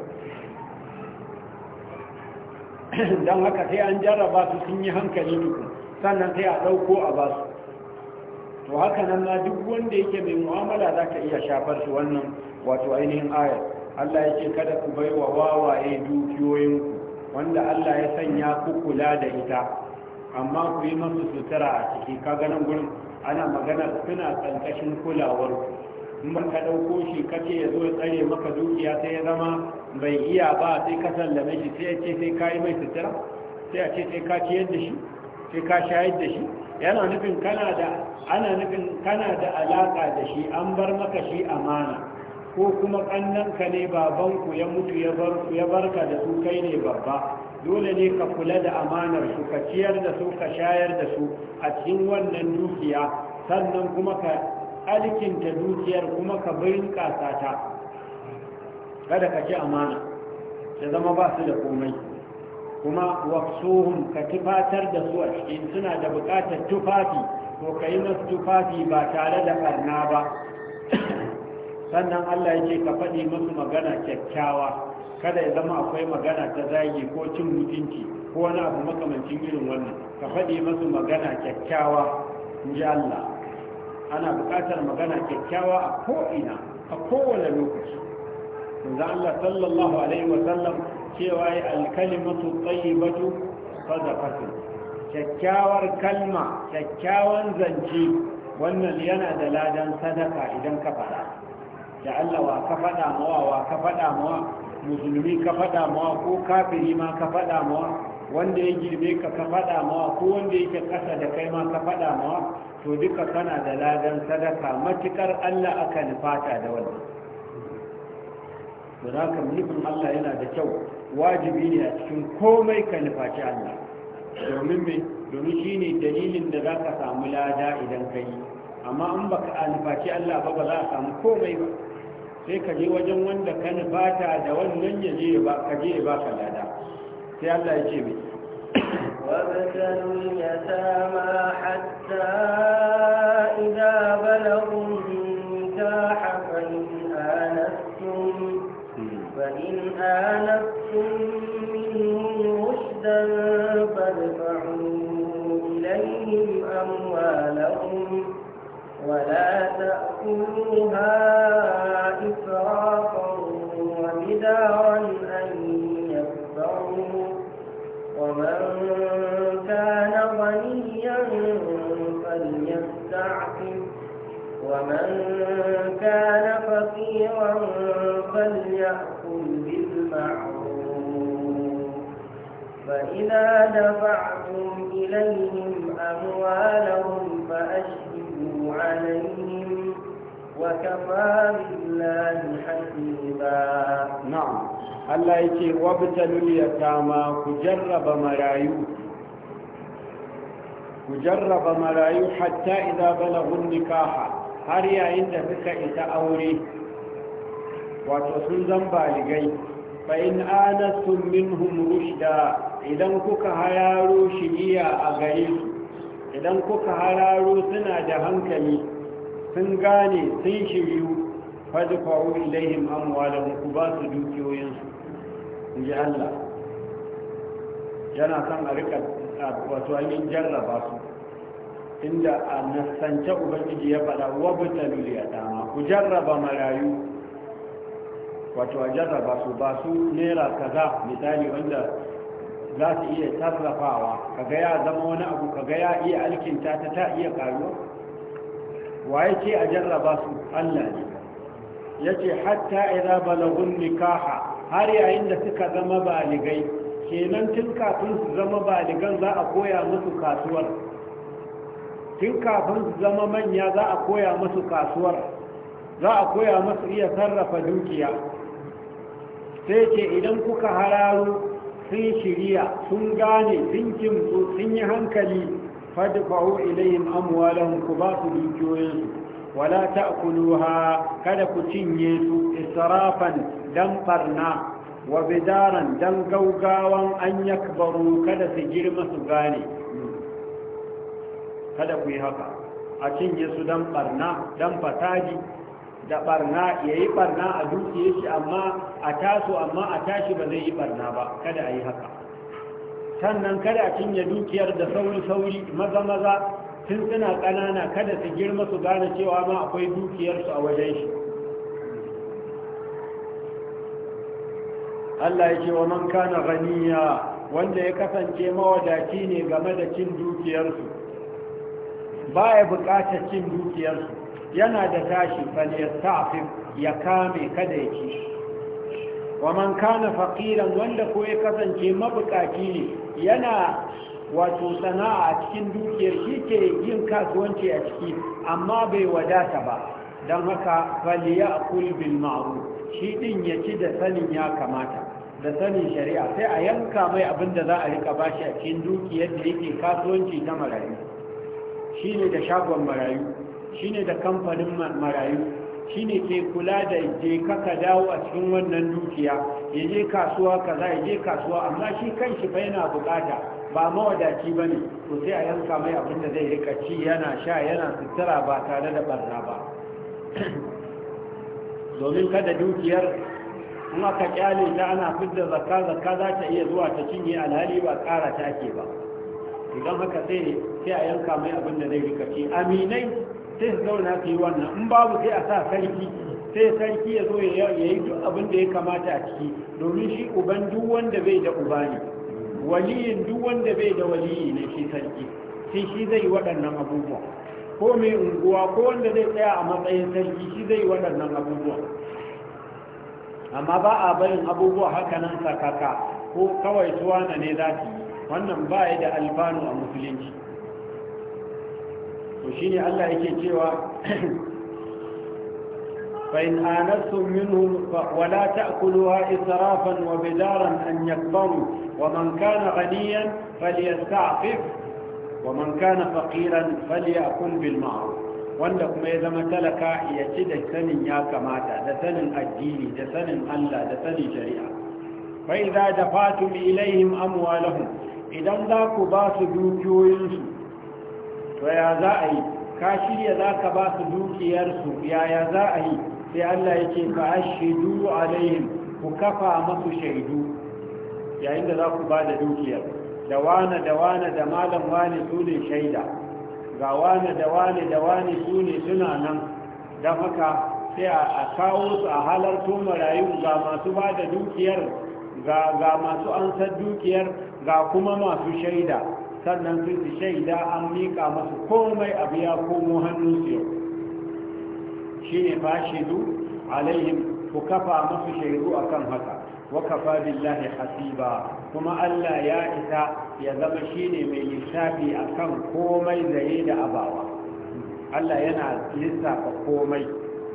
[SPEAKER 1] don haka sai an jarraba su sun yi hankali duku sannan sai a ɗauko a ba su to haka nan ma duk wanda yake mai mu'amala za ka iya shafar su wannan wato ainihin ayar Allah ya ce kada ku bai wa wawaye dukiyoyinku wanda Allah ya sanya ku kula da ita amma ku yi masu sutura a ciki ka ganin gurin ana magana suna ƙarƙashin kulawar in ba ka ɗauko shi kace ya zo ya tsare maka dukiya sai ya zama bai iya ba sai ka sallame shi sai ce sai ka yi mai sutura sai a ce sai ka ciyar da shi sai ka shayar da shi yana nufin kana da ana nufin kana da alaƙa da shi an bar maka shi amana ko kuma ƙannanka ne babanku ya mutu ya barka da su kai ne babba dole ne ka kula da amanar su ka ciyar da su ka shayar da su a cikin wannan dukiya sannan kuma ka alkinta dukiyar kuma ka birin sata, kada ka ci amana ta zama ba su da komai kuma waksuhun ka tufatar da su a cikin suna da bukatar tufafi ko ka yi masu tufafi ba tare da ƙarna ba sannan allah yake ka faɗi musu magana kyakkyawa kada ya zama akwai magana ta zagi ko cin mutunci ko wani abu makamancin irin wannan ka faɗi masu magana kyakkyawa in ji allah ana buƙatar magana kyakkyawa a ko'ina a kowane lokaci za Allah sallallahu alaihi wasallam cewa ya alkalimatu tsayibatu sadaqatu kyakkyawar kalma kyakkyawan zance wannan yana da ladan sadaka idan ka faɗa da Allah wa ka faɗa mawa wa ka faɗa mawa musulmi ka faɗa mawa ko kafiri ma ka faɗa mawa wanda ya girbe ka ka faɗa mawa ko wanda yake ƙasa da kai ma ka faɗa mawa to duka kana da ladan sadaka matukar Allah aka nufata da wannan to haka nufin Allah yana da kyau wajibi ne a cikin komai ka nufaci Allah domin me domin shine dalilin da zaka samu lada idan ka yi amma in baka nufaci Allah ba ba za ka samu komai ba sai ka je wajen wanda ka nufata da wannan ya je ba ka je ba ka lada sai Allah ya ce mai
[SPEAKER 2] وابتلوا اليتامى حتى إذا بلغوا النكاح فإن آنستم فإن آنستم منهم رشدا فادفعوا إليهم أموالهم ولا تأكلوها إسرافا وبدارا ومن كان غنيا فليستعفف ومن كان فقيرا فليأكل بالمعروف فإذا دفعتم إليهم أموالهم فأشهدوا عليهم
[SPEAKER 1] وكفى بالله حسيبا نعم الله يكي وابتلوا اليتامى كجرب مرايو كجرب مرايو حتى إذا بلغوا النكاح har yayin da suka isa aure wato sun rigai. baligai fa in idan kuka hararo shiriya a gare su idan kuka hararo suna da hankali sun gane sun shiryu fadfa'u amuwa da ku ba su dukiyoyinsu in ji Allah yana son a rika wato ainihin jarraba su inda a nasance ubangiji ya faɗa wabuta miliya dama ku jarraba marayu wato a jarraba su ba su nera kaza misali wanda za su iya sarrafawa kaga ya zama wani abu kaga ya iya alkinta ta ta iya karuwa waye ce a jarraba su Allah ne yace hatta idza balagun nikaha har yayin da suka zama baligai kenan tun kafin su zama baligan za a koya musu kasuwar tun kafin su zama manya za a koya musu kasuwar za a koya musu iya sarrafa dukiya sai ce idan kuka hararu sun shirya sun gane sun kimtsu sun yi hankali fadfa'u ilayhim amwalahum ku ba su wala ta'kuluha kada ku cinye su israfan dan farna wa bidaran dan gaugawan an yakbaru kada su girma su gane kada ku yi haka a cinye su dan farna dan fataji da barna ya yi barna a dukiyar shi amma a taso amma a tashi ba zai yi barna ba kada ayi haka sannan kada a cinye dukiyar da sauri-sauri maza-maza tun suna ƙanana kada su girma su gane cewa ma akwai dukiyarsu a wajen shi Allah ya ce wa man kana ganiya wanda ya kasance mawadaci ne game da cin dukiyarsu ba ya cin dukiyarsu yana da tashi fa ya ya kame kada ya ci wa man kana faqiran wanda ko ya kasance mabukaci ne yana wato sana'a a cikin dukiyar shi ke yin kasuwanci a ciki amma bai wadata ba don haka faliya a kulbin ma'aru shi din ya ci da sanin ya kamata da sanin shari'a sai a yanka mai abin da za a rika bashi a cikin dukiyar da yake kasuwanci ta marayu shine da shagon marayu shine da kamfanin marayu shine ke kula da je ka dawo a cikin wannan dukiya ya je kasuwa kaza ya je kasuwa amma shi kanshi bai yana bukata ba mawadaci ba ne to sai a yanka mai abin da zai rika yana sha yana sutura ba tare da barna ba domin kada dukiyar in aka kyale ta ana fidda zakka zakka za ta iya zuwa ta cinye alhali ba ƙara take ba idan haka sai a yanka mai abin da zai rika aminai sai su zauna su yi wannan in babu sai a sa sarki sai sarki ya zo ya yi duk abin da ya kamata a ciki domin shi uban duk wanda bai da uba ne waliyin duk wanda bai da waliyi ne shi sarki sai shi zai yi waɗannan abubuwa ko mai unguwa ko wanda zai tsaya a matsayin sarki shi zai yi waɗannan abubuwa amma ba a barin abubuwa haka nan sakaka ko kawai tuwana ne za su yi wannan ba ya da alfanu a musulunci to shine Allah yake cewa fa in anastum minhum wa la ta'kuluha israfan wa bidaran an yakbaru wa man kana ghaniyan falyasta'fif wa man kana faqiran falyakul bil ma'ruf wanda kuma ya zama talaka ya ci da sanin ya kamata da sanin addini da sanin Allah da sanin shari'a fa idza dafatum ilaihim amwalahum idan za ku ba su dukiyoyinsu to ya za a yi ka shirya za ka ba su dukiyarsu yaya za a yi sai Allah ya ce fa a alaihim ku kafa masu shaidu yayin da za ku ba da dukiyar da wane da wane da malam wane su ne shaida ga wane da wane da wane su ne suna nan da haka sai a kawo su a halarto marayu ga masu ba da dukiyar ga masu ansar dukiyar ga kuma masu shaida sannan sai su shaida an miƙa masu komai abu ya komo hannunsu yau shi ne du alaihim ku kafa masu shaidu akan haka wa kafa billahi hasiba kuma Allah ya isa ya zama shine mai lissafi akan komai zaye da abawa Allah yana lissafa komai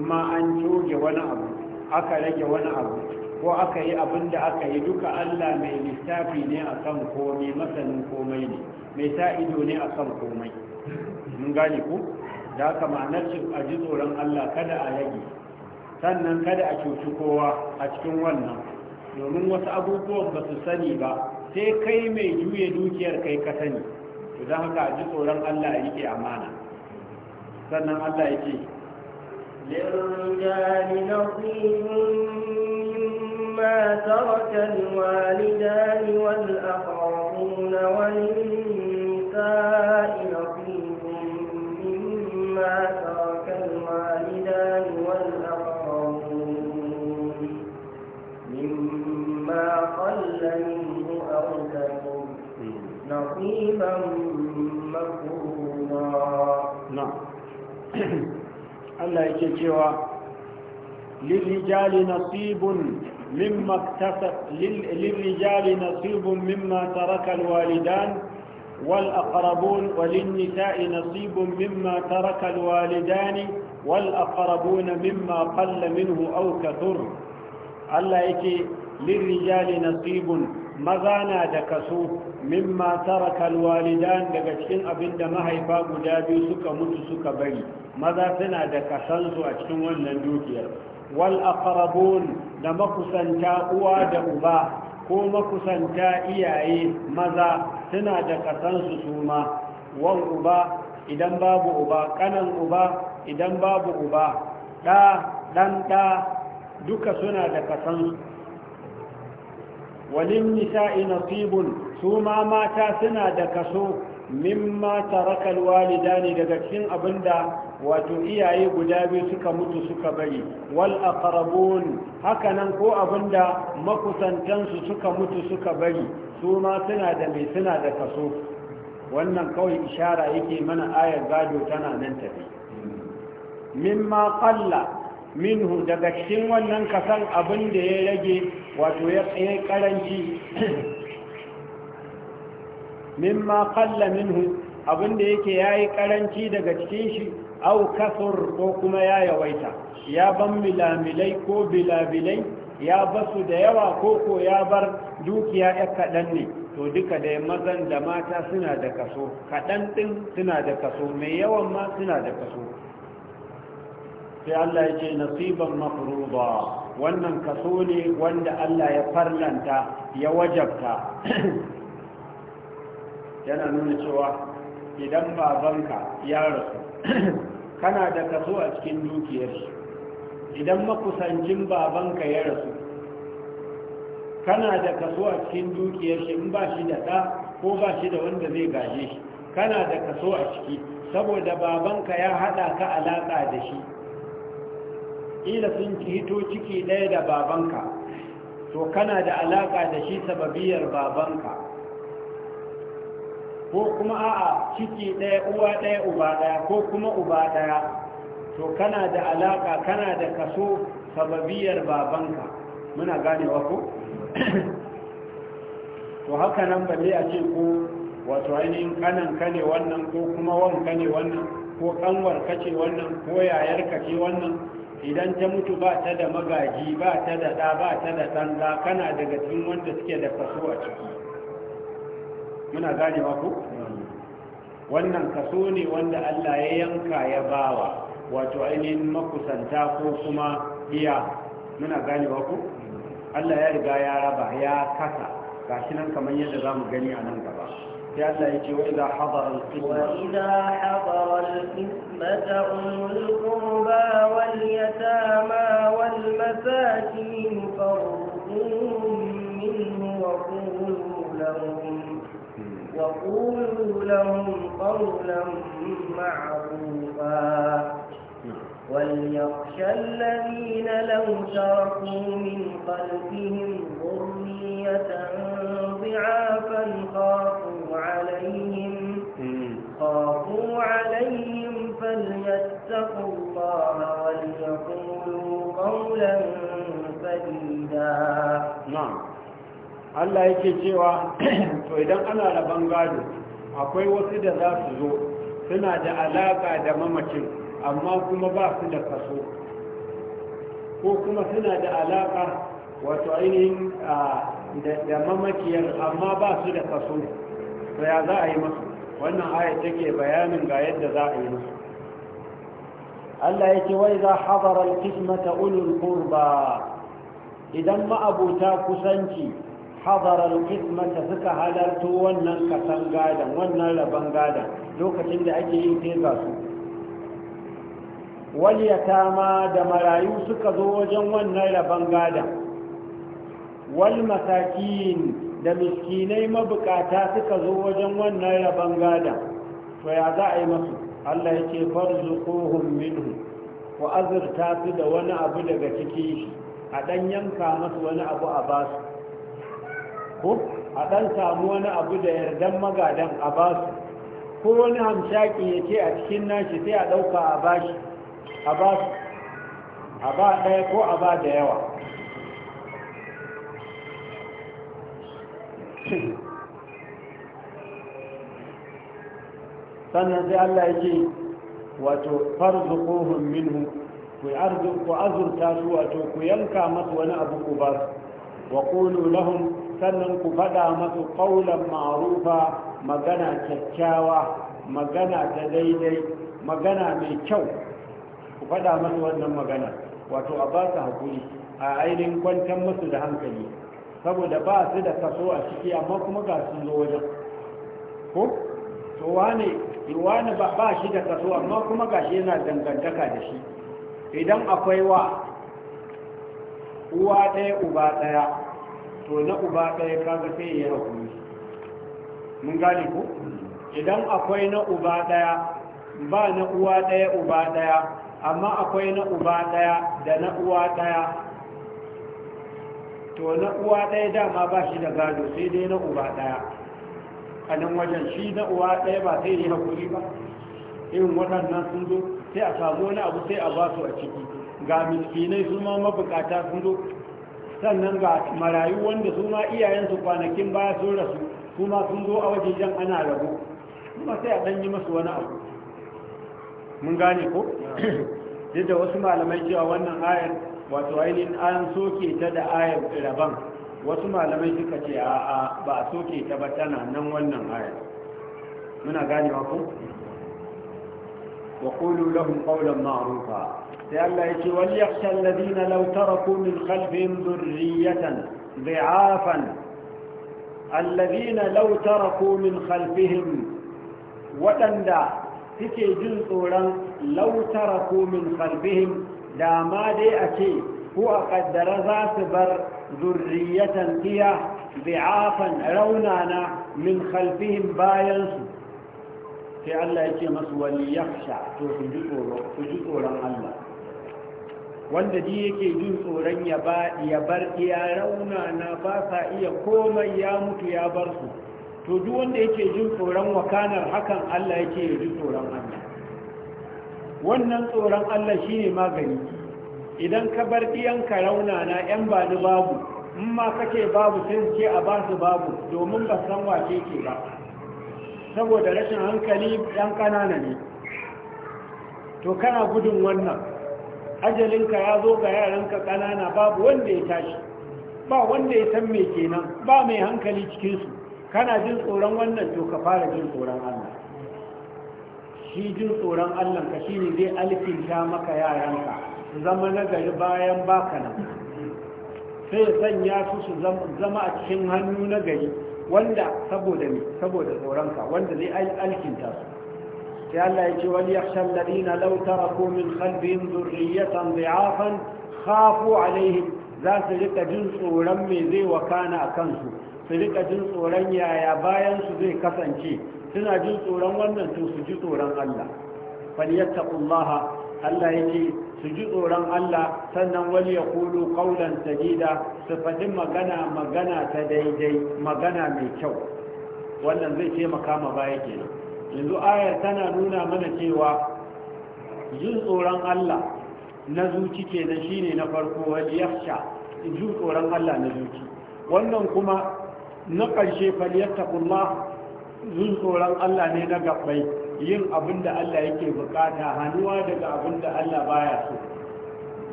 [SPEAKER 1] ma an coge wani abu aka rage wani abu ko aka yi abin da aka yi duka Allah mai lissafi ne akan komai masanin komai ne mai ta ido ne a kan komai mun gane ku da haka ma'anar shi a ji tsoron Allah kada a yage sannan kada a cuci kowa a cikin wannan domin wasu abubuwan ba su sani ba sai kai mai juya dukiyar kai ka sani to don haka a ji tsoron Allah a rike amana sannan Allah ya ce
[SPEAKER 2] للرجال نصيب مما ترك الوالدان والأقربون للنساء نصيب مما ترك الوالدان والأقربون مما قل منه أو زكوا نصيبا
[SPEAKER 1] نعم. للرجال نصيب مما اكتسب للرجال نصيب مما ترك الوالدان والأقربون وللنساء نصيب مما ترك الوالدان والأقربون مما قل منه أو كثر الله يكي للرجال نصيب مغانا دكسو مما ترك الوالدان دكشين أبن دمهي فاق دابي سكا متسك بي ماذا سنا دكسنس أشنون لندوكير والأقربون دمقسن تاقوا دأباه ko makusanta iyaye maza suna da kasansu su ma wan uba idan babu uba kanan uba idan babu uba ɗa ɗan ɗa duka suna da kasansu walin nisa'i nasibun su ma mata suna da kaso mimma tarakal walidani daga cikin abinda wato iyaye guda biyu suka mutu suka bari wal aqrabun haka nan ko abinda makusantansu suka mutu suka bari su ma suna da mai suna da kaso wannan kawai ishara yake mana ayar gado tana nan tafi mimma qalla minhu daga cikin wannan kasan abin da ya rage wato ya tsaye karanci mimma qalla minhu abin da yake yayi karanci daga cikin shi au kasur ko kuma ya yawaita ya ban milamilai ko bilabilai ya basu da yawa ko ko ya bar dukiya ya kaɗan ne to duka da mazan da mata suna da kaso kaɗan ɗin suna da kaso mai yawan ma suna da kaso sai Allah ya ce nasiban mafruba wannan kaso ne wanda Allah ya farlanta ya wajabta yana nuna cewa idan babanka ya rasu kana da kaso a cikin dukiyar shi idan makusancin babanka ya rasu kana da kaso a cikin dukiyar shi in ba shi da ɗa ko ba shi da wanda zai gaje shi kana da kaso a ciki saboda babanka ya haɗa ka alaƙa da shi ƙila sun hito ciki ɗaya da babanka to kana da alaƙa da shi sababiyar babanka ko kuma a'a ciki ɗaya uwa ɗaya uba ɗaya ko kuma uba ɗaya to kana da alaƙa kana da kaso sababiyar babanka muna ganewa ko to haka nan balle a ce ko wato ainihin kanan ka ne wannan ko kuma wanka ne wannan ko kanwar ka ce wannan ko yayar ce wannan idan ta mutu ba ta da magaji ba ta da ɗa ba ta da ɗan kana daga cikin wanda suke da kaso a ciki muna ganewa ku wannan kaso ne wanda Allah ya yanka ya bawa wato ainihin makusanta ko kuma iya muna ganewa ku Allah ya riga ya raba ya kasa gashi nan kamar yadda zamu gani a nan gaba sai Allah ya ce wa idza hadara al-qisma wa
[SPEAKER 2] idza hadara al-qismata ulul wal yatama wal masakin fa وقولوا لهم قولا معروفا وليخشى الذين لو تركوا من خلفهم ذرية ضعافا خافوا عليهم خافوا عليهم فليتقوا الله
[SPEAKER 1] وليقولوا قولا سديدا نعم Allah yake cewa to idan ana raban gado akwai wasu da za su zo suna da alaka da mamacin amma kuma ba su da kaso ko kuma suna da alaka wato ainihin da mamakiyar amma ba su da kaso to ya za a yi masu wannan aya take bayanin ga yadda za a yi masu Allah yake wai za hadara kismata ulul qurba idan ma'abuta kusanci hadarar ismata suka halarta wannan kasan gadan wannan rabon gadan lokacin da ake yin teza su waliyata ma da marayu suka zo wajen wannan rabon gadan wal masakin da miskinai mabukata suka zo wajen wannan rabon gadan to ya za a yi masu allah ya ce farzuquhum minhu wa azurta su da wani abu daga ciki a dan yanka masu wani abu a basu ko a ɗan samu wani abu da yardan magadan a su ko wani hamshaki ya ce a cikin nashi sai a ɗauka a shi a su a ba ɗaya ko a ba da yawa sannan sai Allah ya ce wato farzuquhum minhu ku arzuqu azurta su wato ku yanka masu wani abu ku ba su wa qulu lahun sannan ku faɗa masu ƙaunar marufa magana kyakkyawa magana ta daidai magana mai kyau ku faɗa masu wannan magana wato a ba su haƙuri a ainihin kwantar musu da hankali saboda ba su da kaso a ciki amma kuma ga sun zo wajen ko to wane wane ba shi da kaso amma kuma ga shi yana dangantaka da shi idan akwai wa uwa ɗaya uba ɗaya to na uba ɗaya kaga sai ya hakuri mun gane ku idan akwai na uba ɗaya ba na uwa ɗaya uba ɗaya amma akwai na uba ɗaya da na uwa ɗaya to na uwa ɗaya dama ba shi da gado sai dai na uba ɗaya a nan wajen shi na uwa ɗaya ba sai ya hakuri ba irin waɗannan sun zo sai a samu wani abu sai a ba su a ciki ga miskinai su ma mabukata sun zo sannan ga marayu wanda su ma iyayensu kwanakin baya sun rasu kuma sun zo a wajejen ana rabu kuma sai a ɗanyi masu wani abu mun gane ko duk wasu malamai cewa wannan ayar wato ainihin an soke ta da ayar raban wasu malamai suka ce a ba a soke ta ba tana nan wannan ayar muna gane ko وقولوا لهم قولا معروفا لألا يكي وليخشى الذين لو تركوا من خلفهم ذرية ضعافا الذين لو تركوا من خلفهم وتندى تكي جنطورا لو تركوا من خلفهم داما دي أكي هو قدر ذات بر ذرية فيها ضعافا رونانا من خلفهم باينسو sai Allah ya ce masu wani yaksha to su ji tsoron Allah wanda ji yake jin tsoron ya bar iya rauna na ba sa iya komai ya mutu ya bar su to duk wanda yake jin tsoron wakanar hakan Allah yake ya ji tsoron Allah wannan tsoron Allah shi ne magani idan ka bar ka rauna na ‘yan ba ni babu in ma kake babu sai ce a ba su babu domin ba san wace ke ba saboda rashin hankali ɗan ƙanana ne to kana gudun wannan ajalinka ya zo ga yaranka ƙanana babu wanda ya tashi ba wanda ya san me kenan ba mai hankali cikinsu kana jin tsoron wannan to ka fara jin tsoron allah shi jin tsoron allah ka shi ne zai alfinta maka yaranka su zama nagari bayan baka nan sai sanya su su zama a cikin hannu nagari. gari wanda saboda saboda tsoronka wanda zai alkinta su sai Allah ya ce wani yakhsha alladina law taraku min khalbihim dhurriyatan dha'afan khafu alaihim za su rika jin tsoron me zai wakana a kansu su rika jin tsoron yaya bayan su zai kasance suna jin tsoron wannan to su ji tsoron Allah falyattaqullaha Allah ya ce su ji tsoron Allah sannan wani ya kulu ƙaunar sadida su faɗi magana magana ta daidai magana mai kyau wannan zai taimaka ma baya ke yanzu ayar tana nuna mana cewa jin tsoron Allah na zuci kenan ne na farko wani yafsha jin tsoron Allah na zuci wannan kuma na ƙarshe falyattaqullah jin tsoron Allah ne na gabbai yin abin da Allah yake bukata hannuwa daga abin da Allah baya so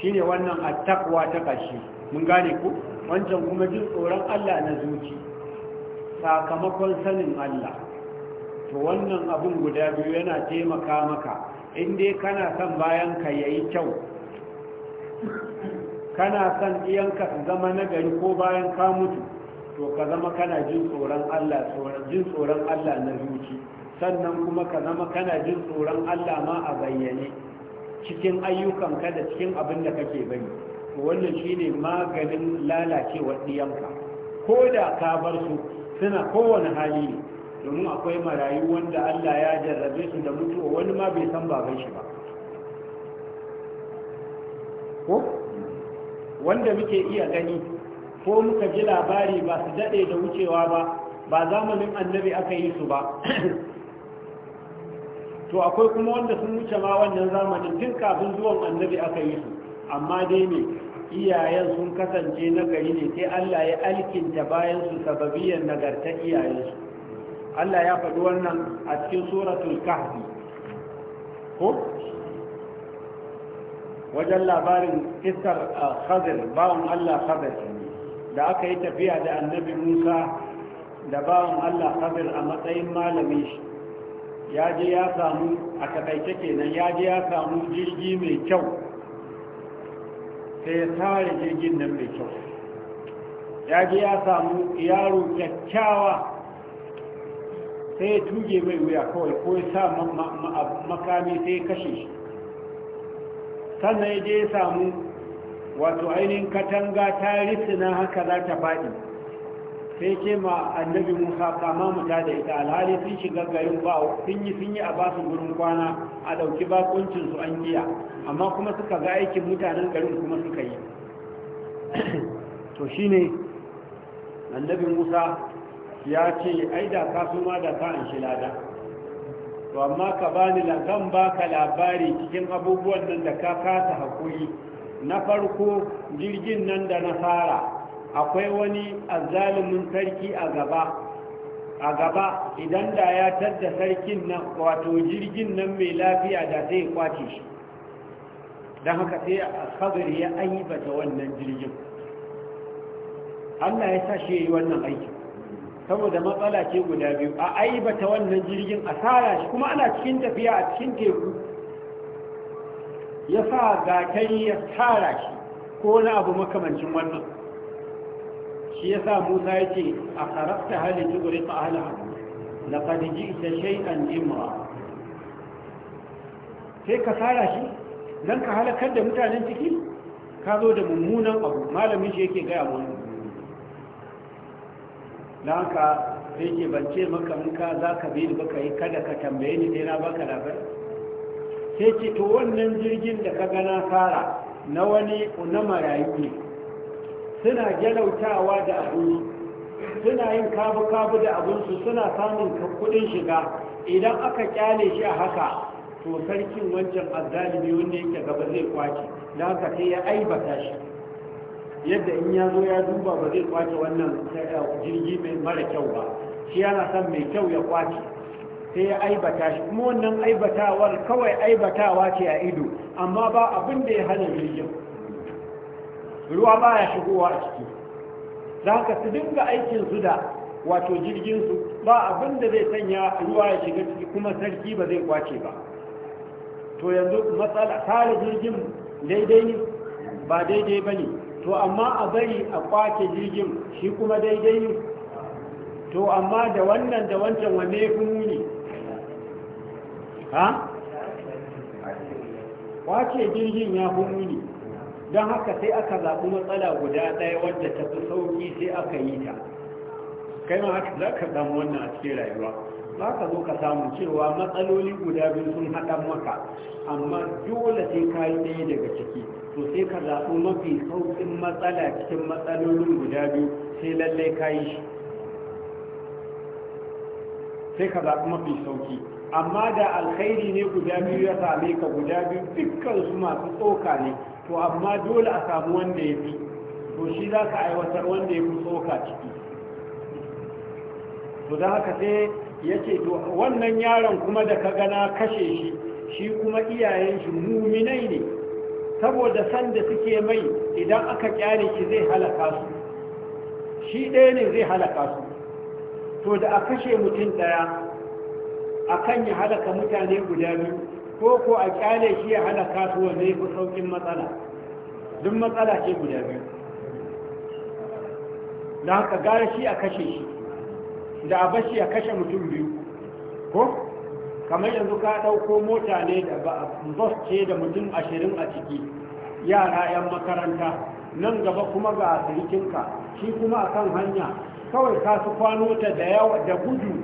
[SPEAKER 1] shine wannan attaqwa ta kashi mun gane ku wancan kuma jin tsoron Allah na zuci sakamakon sanin Allah to wannan abin guda biyu yana taimaka maka in dai kana son bayan ka yayi kyau kana son iyanka su zama nagari ko bayan ka mutu to ka zama kana jin tsoron Allah jin tsoron Allah na zuci sannan kuma ka zama kana jin tsoron Allah ma a bayyane cikin ayyukanka da cikin abin da kake bari wannan shine maganin lalacewar diyanka ko da ka bar su suna kowane hali ne domin akwai marayu wanda Allah ya jarrabe su da mutuwa wani ma bai san baban shi ba ko wanda muke iya gani ko muka ji labari ba su daɗe da wucewa ba ba zamanin annabi aka yi su ba to akwai kuma wanda sun wuce ma wannan zamanin tun kafin zuwan annabi aka yi su amma dai ne iyayen sun kasance na gari ne sai Allah ya alkinta bayan su sababiyar nagarta iyayensu Allah ya faɗi wannan a cikin suratul kahfi ko wajen labarin iskar khadir bawon Allah khadir da aka yi tafiya da annabi Musa da bawon Allah khadir a matsayin malamin shi ya je ya samu a takaice kenan ya je ya samu jirgi mai kyau sai ya tare jirgin nan mai kyau ya je ya samu yaro kyakkyawa sai ya tuge mai wuya kawai ko ya sa makami sai ya kashe shi sannan ya je ya samu wato ainihin katanga ta risina haka za ta faɗi sai ce ma annabi musa kama muta da ita alhali sun shiga garin ba sun yi sun yi a basu gurin kwana a ɗauki bakuncin su an giya amma kuma suka ga aikin mutanen garin kuma suka yi to shine annabi musa ya ce ai da ka suma da ka an shi lada to amma ka bani la zan ba ka labari cikin abubuwan nan da ka kasa haƙuri na farko jirgin nan da nasara akwai wani azalumin sarki a gaba a gaba idan da ya tadda sarkin nan wato jirgin nan mai lafiya da zai kwace shi don haka sai alfagar ya aibata wannan jirgin allah ya sa shi ya yi wannan aikin saboda matsala ce guda biyu a aibata wannan jirgin a tsara shi kuma ana cikin tafiya a cikin teku ya sa gatari ya tsara shi ko na abu makamancin wannan shi ya sa Musa ya ce a karafta hali tuguri ta na kadiji ji'ta shay'an jimawa sai ka fara shi don ka halakar da mutanen ciki ka zo da mummunan abu malamin shi yake gaya wani dan ka sai ke bance maka in ka za ka biyu ni baka yi kada ka tambaye ni sai na baka labar sai ce to wannan jirgin da ka gana fara na wani unama marayu ne suna gyalautawa da abu suna yin kabu-kabu da su, suna samun kudin shiga idan aka kyale shi a haka to sarkin wancan azalimi wanda yake gaba zai kwace da haka sai ya aibata shi yadda in ya zo ya duba ba zai kwace wannan eh, jirgi mai mara kyau ba shi yana son mai kyau ya kwace sai ya aibata shi kuma wannan aibatawar kawai aibatawa ce a ido amma ba abin da ya hana jirgin ruwa ba ya shigowa a ciki Za haka su dinga aikin su da wato jirgin su ba abin da zai sanya ruwa ya shiga ciki kuma sarki ba zai kwace ba to yanzu matsala tare jirgin daidai ne ba daidai ba ne to amma a bari a kwace jirgin shi kuma daidai ne to amma da wannan da wancan wanne ya fi muni ha kwace jirgin ya fi muni don haka sai aka zaɓi matsala guda ɗaya wadda ta fi sauƙi sai aka yi ta kai ma haka za ka samu wannan a cikin rayuwa za ka zo ka samu cewa matsaloli guda biyu sun haɗa maka amma dole sai ka yi ɗaya daga ciki to sai ka zaɓi mafi sauƙin matsala cikin matsalolin guda biyu sai lallai ka yi shi sai ka zaɓi mafi sauƙi amma da alkhairi ne guda biyu ya same ka guda biyu dukkan su masu tsoka ne to amma dole a samu wanda ya fi to shi za ka aiwatar wanda ya fi tsoka ciki to da haka sai ya ce to wannan yaron kuma da ka gana kashe shi shi kuma iyayen shi muminai ne saboda sanda suke mai idan aka kyare shi zai halaka su shi ɗaya ne zai halaka su to da a kashe mutum ɗaya a kan ya halaka mutane guda biyu ko ko a kyale shi ya hana ne ku saukin matsala duk matsala ce guda biyu da haka gara shi a kashe shi da a bashi a kashe mutum biyu ko kamar yanzu ka ɗauko mota ne da bus ce da mutum ashirin a ciki yara 'yan makaranta nan gaba kuma ga asirikinka shi kuma akan hanya kawai ka kwanota kwano ta da yawa da gudu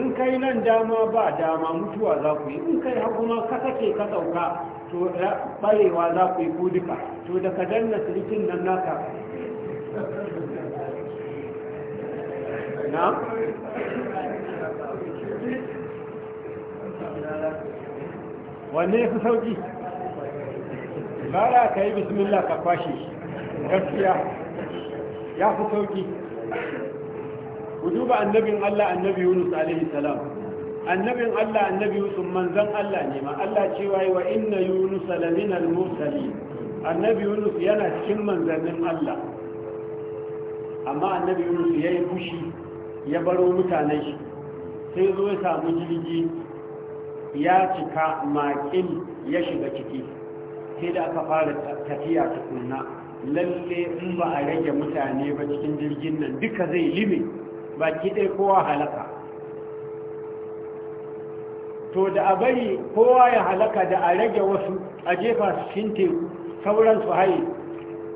[SPEAKER 1] in kai nan dama ba dama mutuwa za ku yi in kai hagu ma kasa ke ka sauka to barewa za ku yi kudika duka to da ka danna sirikin nan naka na? wanne ya fi sauki bara ka yi bismillah ka kwashe gaskiya ya fi sauki ku duba annabin Allah annabi Yunus alaihi salam annabin Allah annabi Yusuf manzon Allah ne ma Allah cewa wa inna Yunus lamin al-mursalin annabi Yunus yana cikin manzannin Allah amma annabi Yunus yayi fushi ya baro mutanen shi sai zo ya samu jirgi ya cika makin ya shiga ciki sai da aka fara tafiya tukunna lalle in ba a rage mutane ba cikin jirgin nan duka zai lime baki ɗaya kowa halaka to da a bari kowa ya halaka da a rage wasu a jefa su cikin teku sauran su haye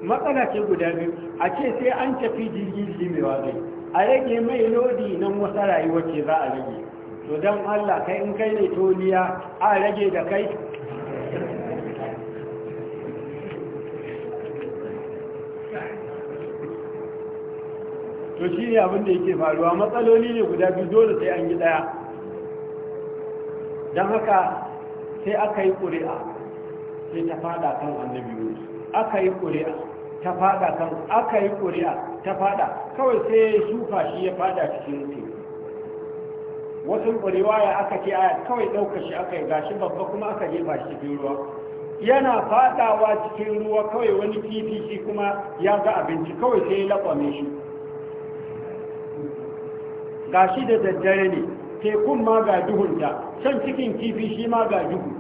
[SPEAKER 1] matsala ce guda biyu a ce sai an tafi jirgin mai wazai a rage mai lodi nan wasa rayuwar ce za a rage to don allah kai in kai ne toliya a rage da kai to shi ne abin da yake faruwa matsaloli ne guda biyu dole sai an yi ɗaya don haka sai aka yi ƙuri'a sai ta fada kan annabi aka yi ƙuri'a ta fada kan aka yi ƙuri'a ta fada kawai sai shuka shi ya fada cikin teku wasu ƙuri'a ya aka ce aya kawai ɗauka shi aka yi gashi babba kuma aka jefa shi cikin ruwa yana fadawa cikin ruwa kawai wani kifi shi kuma ya ga abinci kawai sai ya laƙwame shi gashi da daddare ne tekun ma ga duhunta can cikin kifi shi ma ga duhu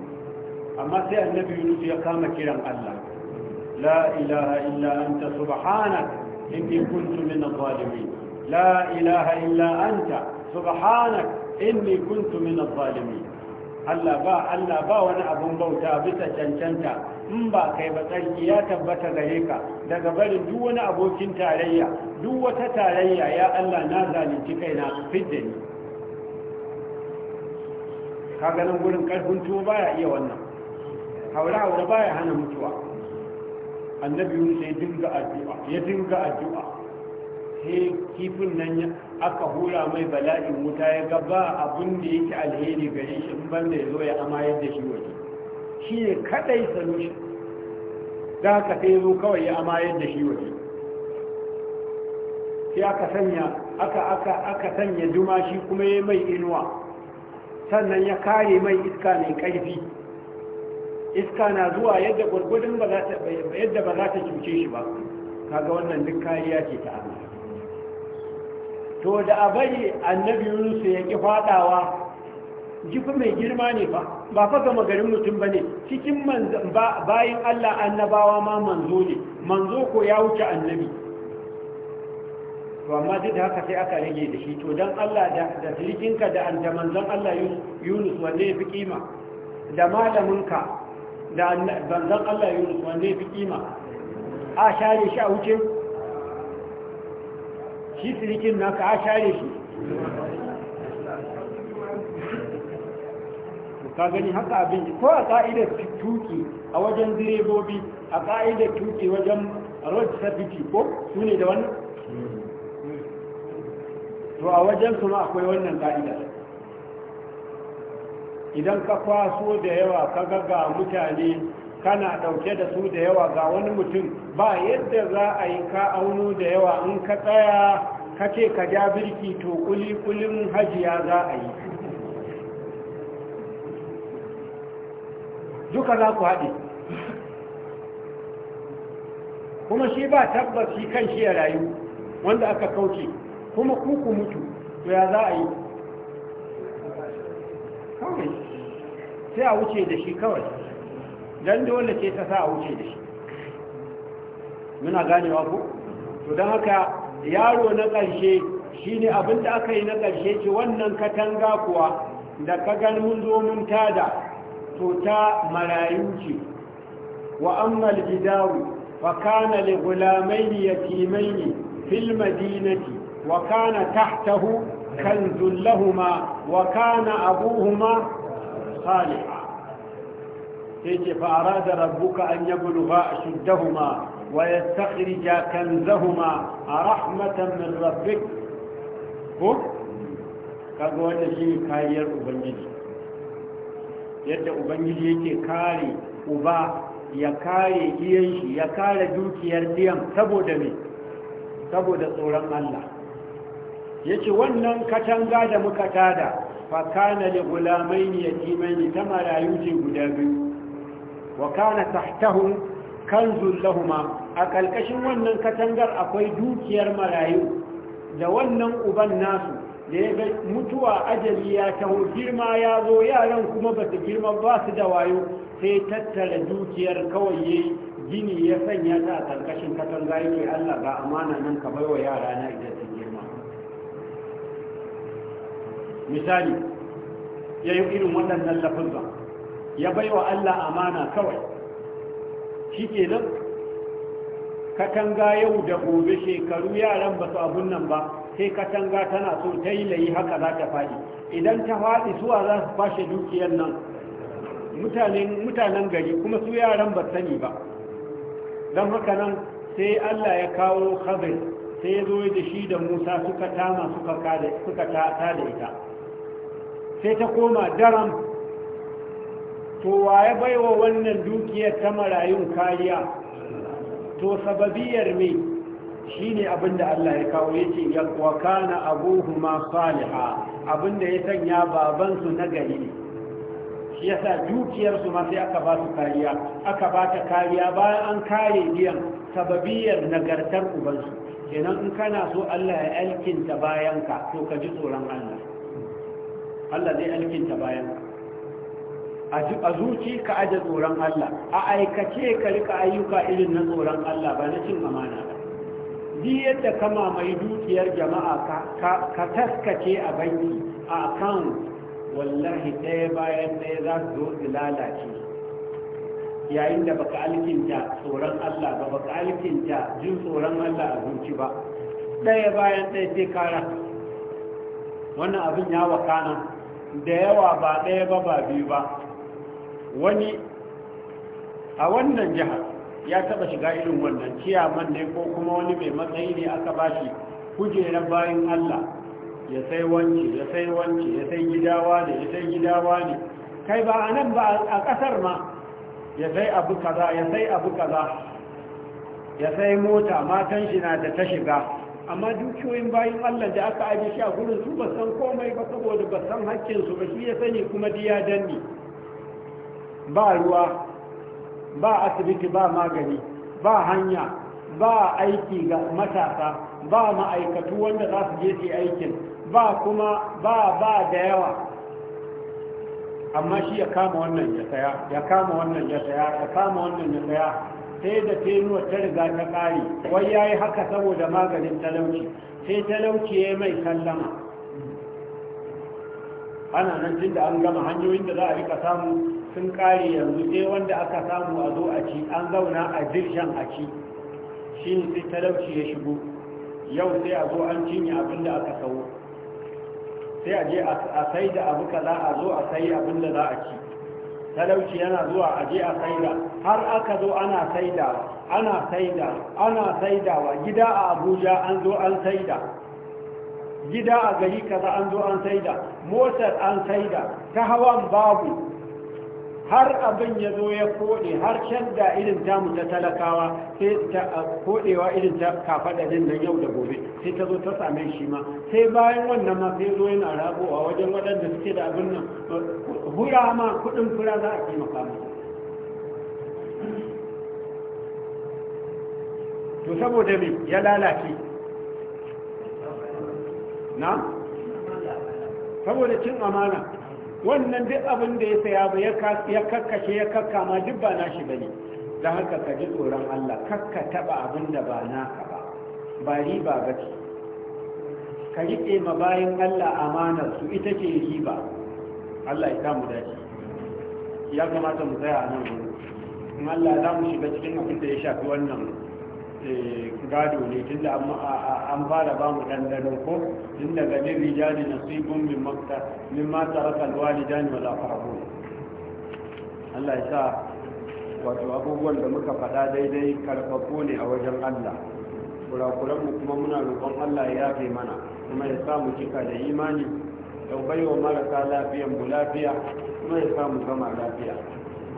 [SPEAKER 1] amma sai annabi yunus ya kama kiran allah la ilaha illa anta subhanak inni kuntu min adh-dhalimin la ilaha illa anta subhanak inni kuntu min adh-dhalimin Allah ba Allah ba wani abun bauta bisa cancanta in ba kai ba tsarki ya tabbata gare ka daga barin duk wani abokin tarayya duk wata tarayya ya Allah na zalunci kaina fidda ni ka ganin gurin karfin tuwo baya iya wannan haura-haura baya hana mutuwa annabi yunus ya dinga addu'a ya dinga addu'a sai kifin nan aka hura mai bala'in wuta ya ga ba abin da yake alheri gare shi in banda ya zo ya amayar da shi waje shi ne kadai solution da haka sai zo kawai ya amayar da shi waje sai aka sanya aka aka aka sanya duma shi kuma ya mai inuwa sannan ya kare mai iska mai karfi iska na zuwa yadda gwargwadon yadda ba za ta cuce shi ba kaga wannan duk kariya ce ta Allah to da a bari annabi Yunus ya ki fadawa jifi mai girma ne fa ba fa gama garin mutum bane ne cikin bayan Allah annabawa ma manzo ne manzo ko ya wuce annabi to amma duk da haka sai aka rage da shi to don Allah da sirikinka da andaman don Allah Yunus wanne ya fi kima da malaminka da banzan Allah Yunus wanne ya fi kima a share shi a wuce shi tilikin naka a share shi ka gani haka abin ko a ka'idar tuki a wajen direbobi a ka'idar tuki wajen road safety ko su ne da wannan to a wajen su ma akwai wannan ka'ida idan ka kwaso da yawa ka ga mutane kana ɗauke da su da yawa ga wani mutum ba yadda za a yi ka auno da yawa in ka tsaya ka ce ka ja birki to kulikulin hajiya za a yi duka za ku haɗe kuma shi ba tabbas shi kan shi ya rayu wanda aka kauce kuma ku ku mutu to ya za a yi kawai sai a wuce da shi kawai don dole ce ta sa a wuce da shi muna ganewa ku to don haka yaro na ƙarshe shi ne abinda aka yi na ƙarshe ce wannan katanga kuwa da ka gan mun zo mun tada to ta marayu ce wa ammal gidawu fa kana li yatimaini fil madinati وكان تحته كنز لهما وكان أبوهما صالحا يجي فأراد ربك أن يبلغا أشدهما ويستخرجا كنزهما رحمة من ربك هو كقول شيء كاير أبنجي yadda ubangiji yake kare uba ya kare iyanshi ya kare dukiyar diyan saboda me saboda tsoron Allah Ya ce wannan katanga da muka tada da kana ya gulamaini yatimaini ta marayu ce guda biyu wa kana tahtahu kanzul lahuma a ƙalƙashin wannan katangar akwai dukiyar marayu da wannan uban nasu da ya ga mutuwa ajali ya taho girma ya zo yaran kuma ba su girma ba su da wayo sai tattara dukiyar kawai yi. gini ya sanya ta a karkashin katanga yake Allah ga amana nan ka baiwa yara na idan misali ya yi irin waɗannan ba ya bai wa Allah amana kawai shi ke nan katanga yau da gobe shekaru yaran ba su abun nan ba sai katanga tana so ta yi layi haka za ta faɗi idan ta faɗi suwa za su fashe dukiyar nan mutanen gari kuma su yaran ba sani ba don haka nan sai Allah ya kawo khabir sai ya zo da shi da Musa suka tama suka ta da ita sai ta koma daram to waye baiwa wannan dukiyar ta marayun kariya to sababiyar me ne abinda Allah ya kawo ya ya wa kana abuhuma saliha abinda ya sanya babansu na gari. shi yasa dukiyar ma sai aka ba su kariya aka ba ta kariya bayan an kare giyan sababiyar nagartar ubansu kenan in kana so Allah ya alkinta bayanka to ka ji tsoron Allah Allah zai alkinta bayan a zuci ka aje tsoron Allah a aikace ka rika ayyuka irin na tsoron Allah ba na cin amana ba Di yadda ka mai dukiyar jama'a ka taskace a banki a account wallahi ɗaya bayan ɗaya za su zo su lalace yayin da baka alkinta tsoron Allah ba baka alkinta jin tsoron Allah a zuci ba ɗaya bayan ɗaya sai kara wannan abin ya wakana da yawa ba ɗaya ba ba biyu ba wani a wannan jihar ya taba shiga irin wannan ciyaman ne ko kuma wani mai matsayi ne aka ba Kuje kujerar bayan Allah ya sai wanci ya sai wanci ya sai gidawa ne ya sai gidawa ne kai ba a nan ba a ƙasar ma ya sai abu kaza ya sai abu kaza ya sai mota matan shi na da ta shiga amma dukiyoyin bayan Allah da aka aji shi a gurin su ba san komai ba saboda ba san hakkin su ba shi ya sani kuma diya danni ba ruwa ba asibiti ba magani ba hanya ba aiki ga matasa ba ma'aikatu wanda za su je su aikin ba kuma ba ba da yawa amma shi ya kama wannan ya saya ya kama wannan ya saya ya kama wannan ya saya sai da tenuwa ta riga ta kare wai ya yi haka saboda maganin talauci sai talauci ya mai sallama ana nan tun da an gama hanyoyin da za a rika samu sun kare yanzu sai wanda aka samu a zo a ci an zauna a jirgin a ci shi ne sai talauci ya shigo yau sai a zo an cinye abin da aka sawo sai a je a sai da abu kaza a zo a sai abin da za a ci talauci yana zuwa a a saida har aka zo ana saida ana saida ana saidawa gida a abuja an zo an saida gida a gari kaza an zo an saida motar an saida ta hawan babu har abin ya zo ya kode har can da irin tamu ta talakawa sai ta kodewa irin ta kafada din nan yau da gobe sai ta zo ta same shi ma sai bayan wannan ma sai zo yana ragowa wajen waɗanda suke da abin nan hura ma kudin fura za a fi makamu to saboda me ya lalace na saboda cin amana wannan duk abin da ya saya ba ya kakkashe ya kakkama duk ba nashi bane don haka ka ji tsoron Allah kakka taba abin da ba naka ba ba riba ba ce ka riƙe ma bayan Allah amanar su ita ce riba Allah ya mu dace ya kamata mu tsaya a nan in Allah za mu shiga cikin abin da ya shafi wannan eh, gado ne tun da an fara ba mu ɗanɗano ko tun daga min rijali nasibun min makta min raka alwali jani wala farabu Allah ya sa wato abubuwan da muka faɗa daidai karfafo ne a wajen Allah kurakuranmu kuma muna roƙon Allah ya yafe mana kuma ya sa mu cika da imani ya bai wa marasa lafiyan mu lafiya kuma ya samu gama lafiya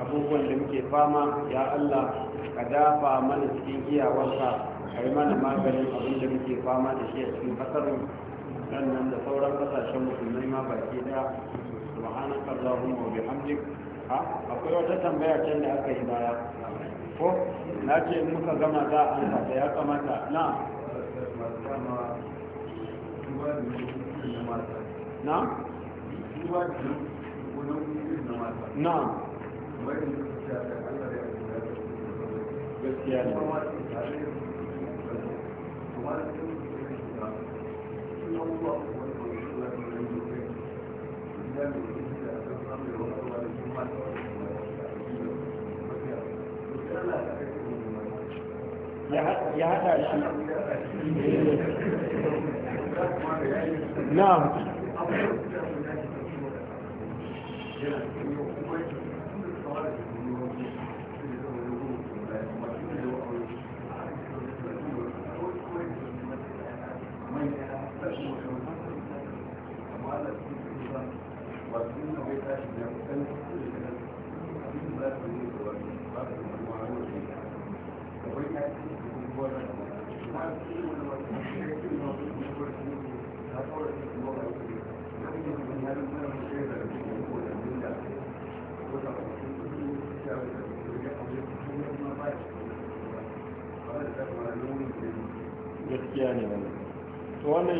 [SPEAKER 1] abubuwan da muke fama ya Allah ka dafa mana cikin iyawarsa a yi mana maganin abin da muke fama da shi a cikin kasarmu sannan da sauran kasashen musulmai ma baki da subhanaka allahumma wa bihamdik akwai wata tambaya can da aka yi baya ko na ce in muka gama za a an ta ya kamata na
[SPEAKER 3] na? na gaskiya ne Yeah.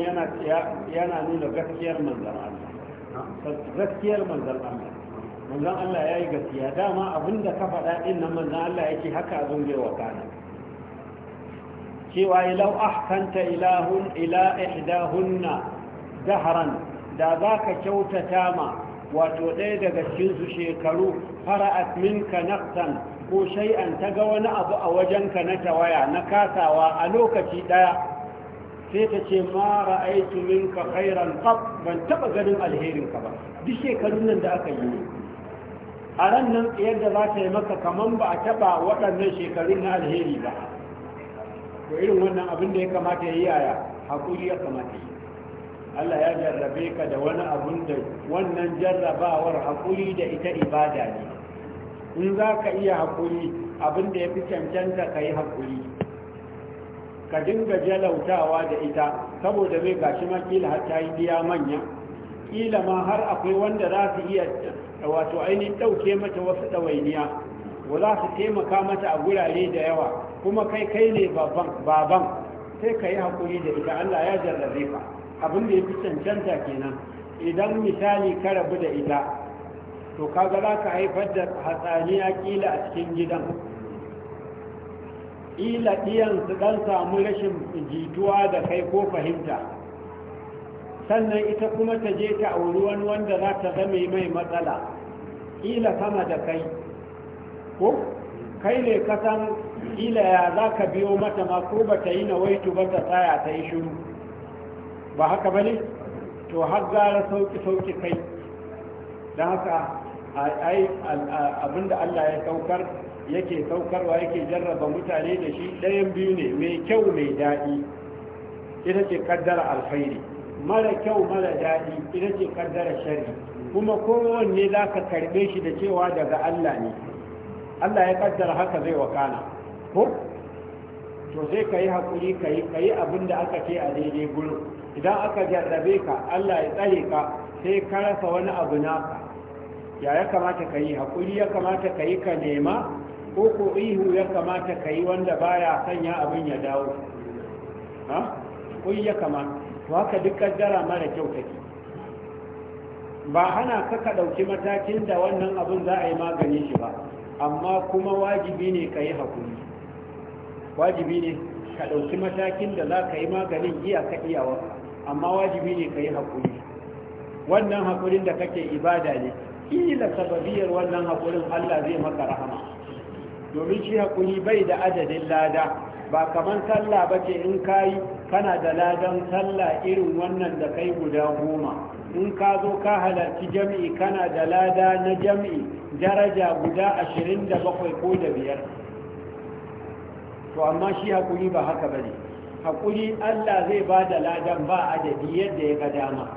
[SPEAKER 1] yana nuna gaskiyar manzan Allah gaskiyar manzan Allah manzan Allah ya yi gaskiya dama da ka faɗa ɗin nan manzan Allah ya ce haka abin bai wa kana cewa ilau ahkanta ilahun ila ihdahunna dahran da za ka kyautata ma wato ɗaya daga cikinsu shekaru fara'at minka naqtan ko shay'an ta ga wani abu a wajenka na tawaya na kasawa a lokaci ɗaya sai ta ce ma ra'aitu ka khairan qab ban taba ganin alherin ka ba duk shekarun nan da aka yi a ran nan yadda za ta yi maka kaman ba a taba waɗannan shekarun na alheri ba ko irin wannan abin da ya kamata ya yi yaya hakuri ya kamata yi Allah ya jarrabe ka da wani abun da wannan jarrabawar hakuri da ita ibada ne in za ka iya hakuri abin da ya fi cancanta ka yi hakuri ka dinga jalautawa da ita saboda mai gashi ma kila har ta yi biya manya kila ma har akwai wanda za su iya wato ainihin ɗauke mata wasu ɗawainiya wa za su taimaka mata a gurare da yawa kuma kai kai ne baban sai ka yi haƙuri da ita allah ya jarrabe ka abin da ya fi cancanta kenan idan misali ka rabu da ita to kaga za ka haifar da hatsaniya kila a cikin gidan ila ɗiyan su ɗan samu rashin jituwa da kai ko fahimta sannan ita kuma ta je ta auri wani wanda za ta zame mai matsala ila sama da kai ko kai ne ka san ila ya za ka biyo mata ma ko ba ta yi na waitu ba ta tsaya ta yi shiru ba haka ba ne to har gara sauki-sauki kai don haka abinda allah ya saukar yake saukarwa yake jarraba mutane da shi ɗayan biyu ne mai kyau mai daɗi ita ce kaddara alkhairi mara kyau mara daɗi ita ce kaddara shari kuma kowanne za ka karɓe shi da cewa daga Allah ne Allah ya kaddara haka zai wakana ko to sai ka yi haƙuri ka yi ka yi abin da aka ce a daidai gurin idan aka jarrabe ka Allah ya tsare ka sai ka rasa wani abu naka ya ya kamata ka yi haƙuri ya kamata ka yi ka nema ko ko ihu ya kamata ka yi wanda baya sanya abin ya dawo ha kun ya kamata to haka duk kaddara mara kyau take ba hana ka ka ɗauki matakin da wannan abin za a yi magani shi ba amma kuma wajibi ne ka yi haƙuri wajibi ne ka ɗauki matakin da za ka yi maganin iya ka iyawa amma wajibi ne ka yi haƙuri wannan haƙurin da kake ibada ne ƙila sababiyar wannan haƙurin allah zai maka rahama domin shi haƙuri bai da adadin lada ba kamar sallah ba ce in ka kana da ladan sallah irin wannan da kai guda goma in ka zo ka halarci jami'i kana da lada na jami'i daraja guda ashirin da bakwai ko da biyar to amma shi haƙuri ba haka ba ne haƙuri allah zai ba da ladan ba adadi yadda ya ga dama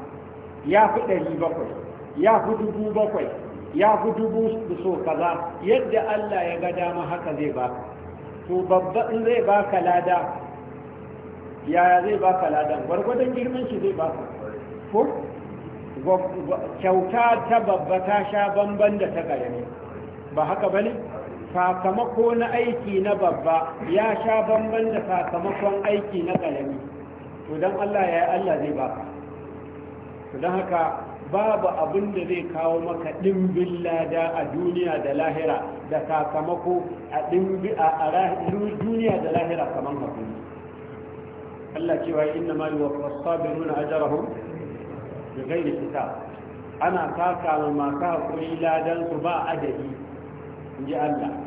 [SPEAKER 1] ya fi ɗari bakwai ya fi dubu bakwai ya fi dubu so kaza yadda Allah ya ga dama haka zai ba to babba in zai baka lada yaya zai baka ladan gwargwadon girman shi zai baka ko kyauta ta babba ta sha bamban da ta ƙarami ba haka bane sakamako na aiki na babba ya sha bamban da sakamakon aiki na ƙarami to don Allah ya yi Allah zai ba to don haka babu abin da zai kawo maka ɗimbin lada a duniya da lahira da sakamako a duniya da lahira kamar hakuri Allah cewa inna ma yi wa fasabiruna ajarahum da gairi fita ana saka ma masu haƙuri ladan su ba adadi in ji Allah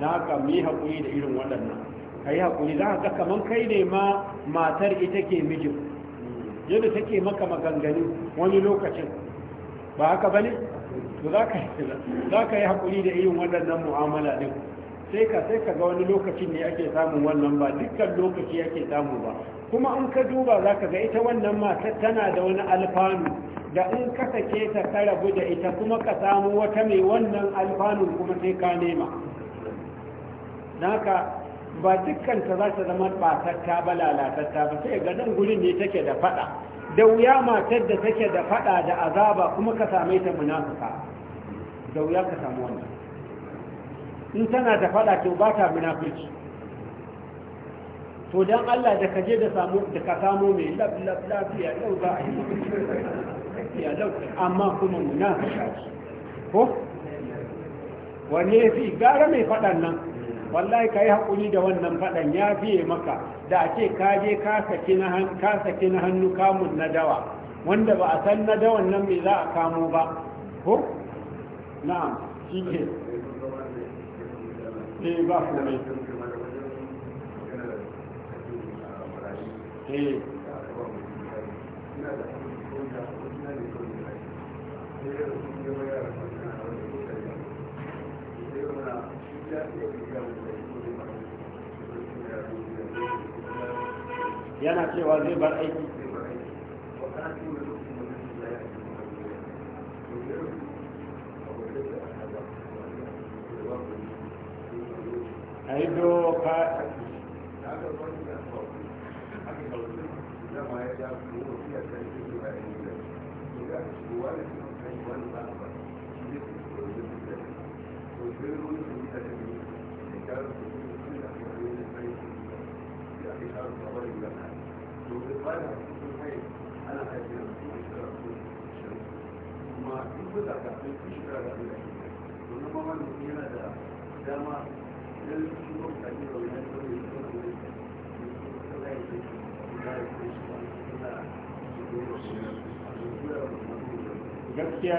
[SPEAKER 1] na haka mu yi haƙuri da irin waɗannan ka yi haƙuri za ka kamar kai ne ma matar ita ke mijin yadda take maka maganganu wani lokacin ba haka bane to za ka yi hakuri da irin waɗannan mu'amala din sai ka sai ka ga wani lokacin ne ake samun wannan ba dukkan lokaci ake samu ba kuma in ka duba zaka ga ita wannan matar tana da wani alfanu da in ka sake ta ka rabu da ita kuma ka samu wata mai wannan alfanun kuma sai ka nema naka ba dukkanta za ta zama ɓatatta ba lalatatta ba sai ga nan gurin ne take da faɗa da wuya matar da take da faɗa da azaba kuma ka same ta munafuka da wuya ka samu wannan in tana da faɗa to ba ta munafurci to don Allah da kaje da samu da ka samu mai lab lab lafiya yau za a yi lafiya lau amma kuma munafika ko wanne fi gara mai faɗan nan wallahi ka yi haƙuri da wannan faɗan ya fiye maka da a ce ka je ka saki na hannu kamun na dawa wanda ba a san na dawan nan mai za a kamo ba ko? na'am
[SPEAKER 3] shi ne ne eh, ba ne
[SPEAKER 1] yana cewa zai bar aiki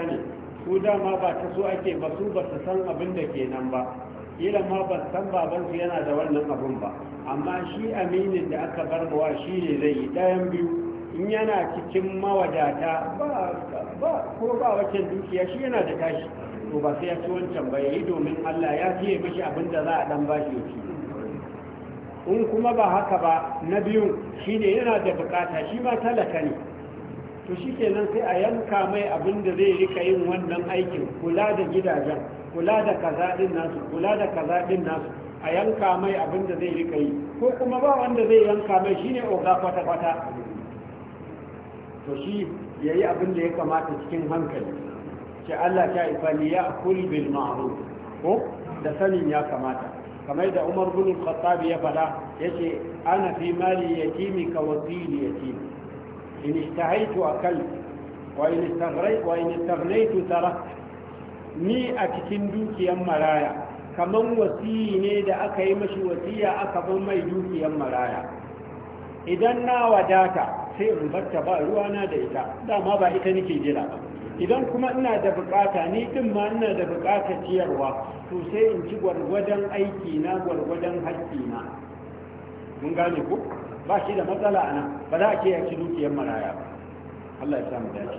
[SPEAKER 1] gaskiya ne su dama ba ta so ake ba su ba su san abin da ke nan ba kila ma ban san babansu yana da wannan abin ba amma shi aminin da aka bar mawa shi ne zai yi ɗayan biyu in yana cikin mawadata ba ko ba waccan dukiya shi yana da tashi to ba sai ya ci wancan ba ya yi domin allah ya fiye mishi abin da za a ɗan bashi yau in kuma ba haka ba na biyun shine yana da bukata shi ma talaka ne to shi kenan sai a yanka mai abin da zai rika yin wannan aikin kula da gidajen kula da kaza din nasu kula da kaza din nasu a yanka mai abin da zai rika yi ko kuma ba wanda zai yanka mai shine oga kwata kwata to shi ya yi abin da ya kamata cikin hankali ce Allah ta ifali ya akul bil ma'ruf ko da sanin ya kamata kamar da Umar bin Khattab ya fada yace ana fi mali yatimi ka wasili yatimi إن اشتهيت أكلت وإن استغريت وإن استغنيت تركت ni a cikin dukiyan maraya kamar wasi'i ne da aka yi mashi wasiya aka bin mai dukiyar maraya idan na wadata sai in barta ba ruwa na da ita dama ba ita nake jira ba idan kuma ina da bukata ni din ma ina da bukatar ciyarwa to sai in ci gwargwadon aiki na gwargwadon haƙƙi na mun gane ku ba shi da matsala a nan ba za a ce ya ci dukiyar maraya ba Allah ya samu dace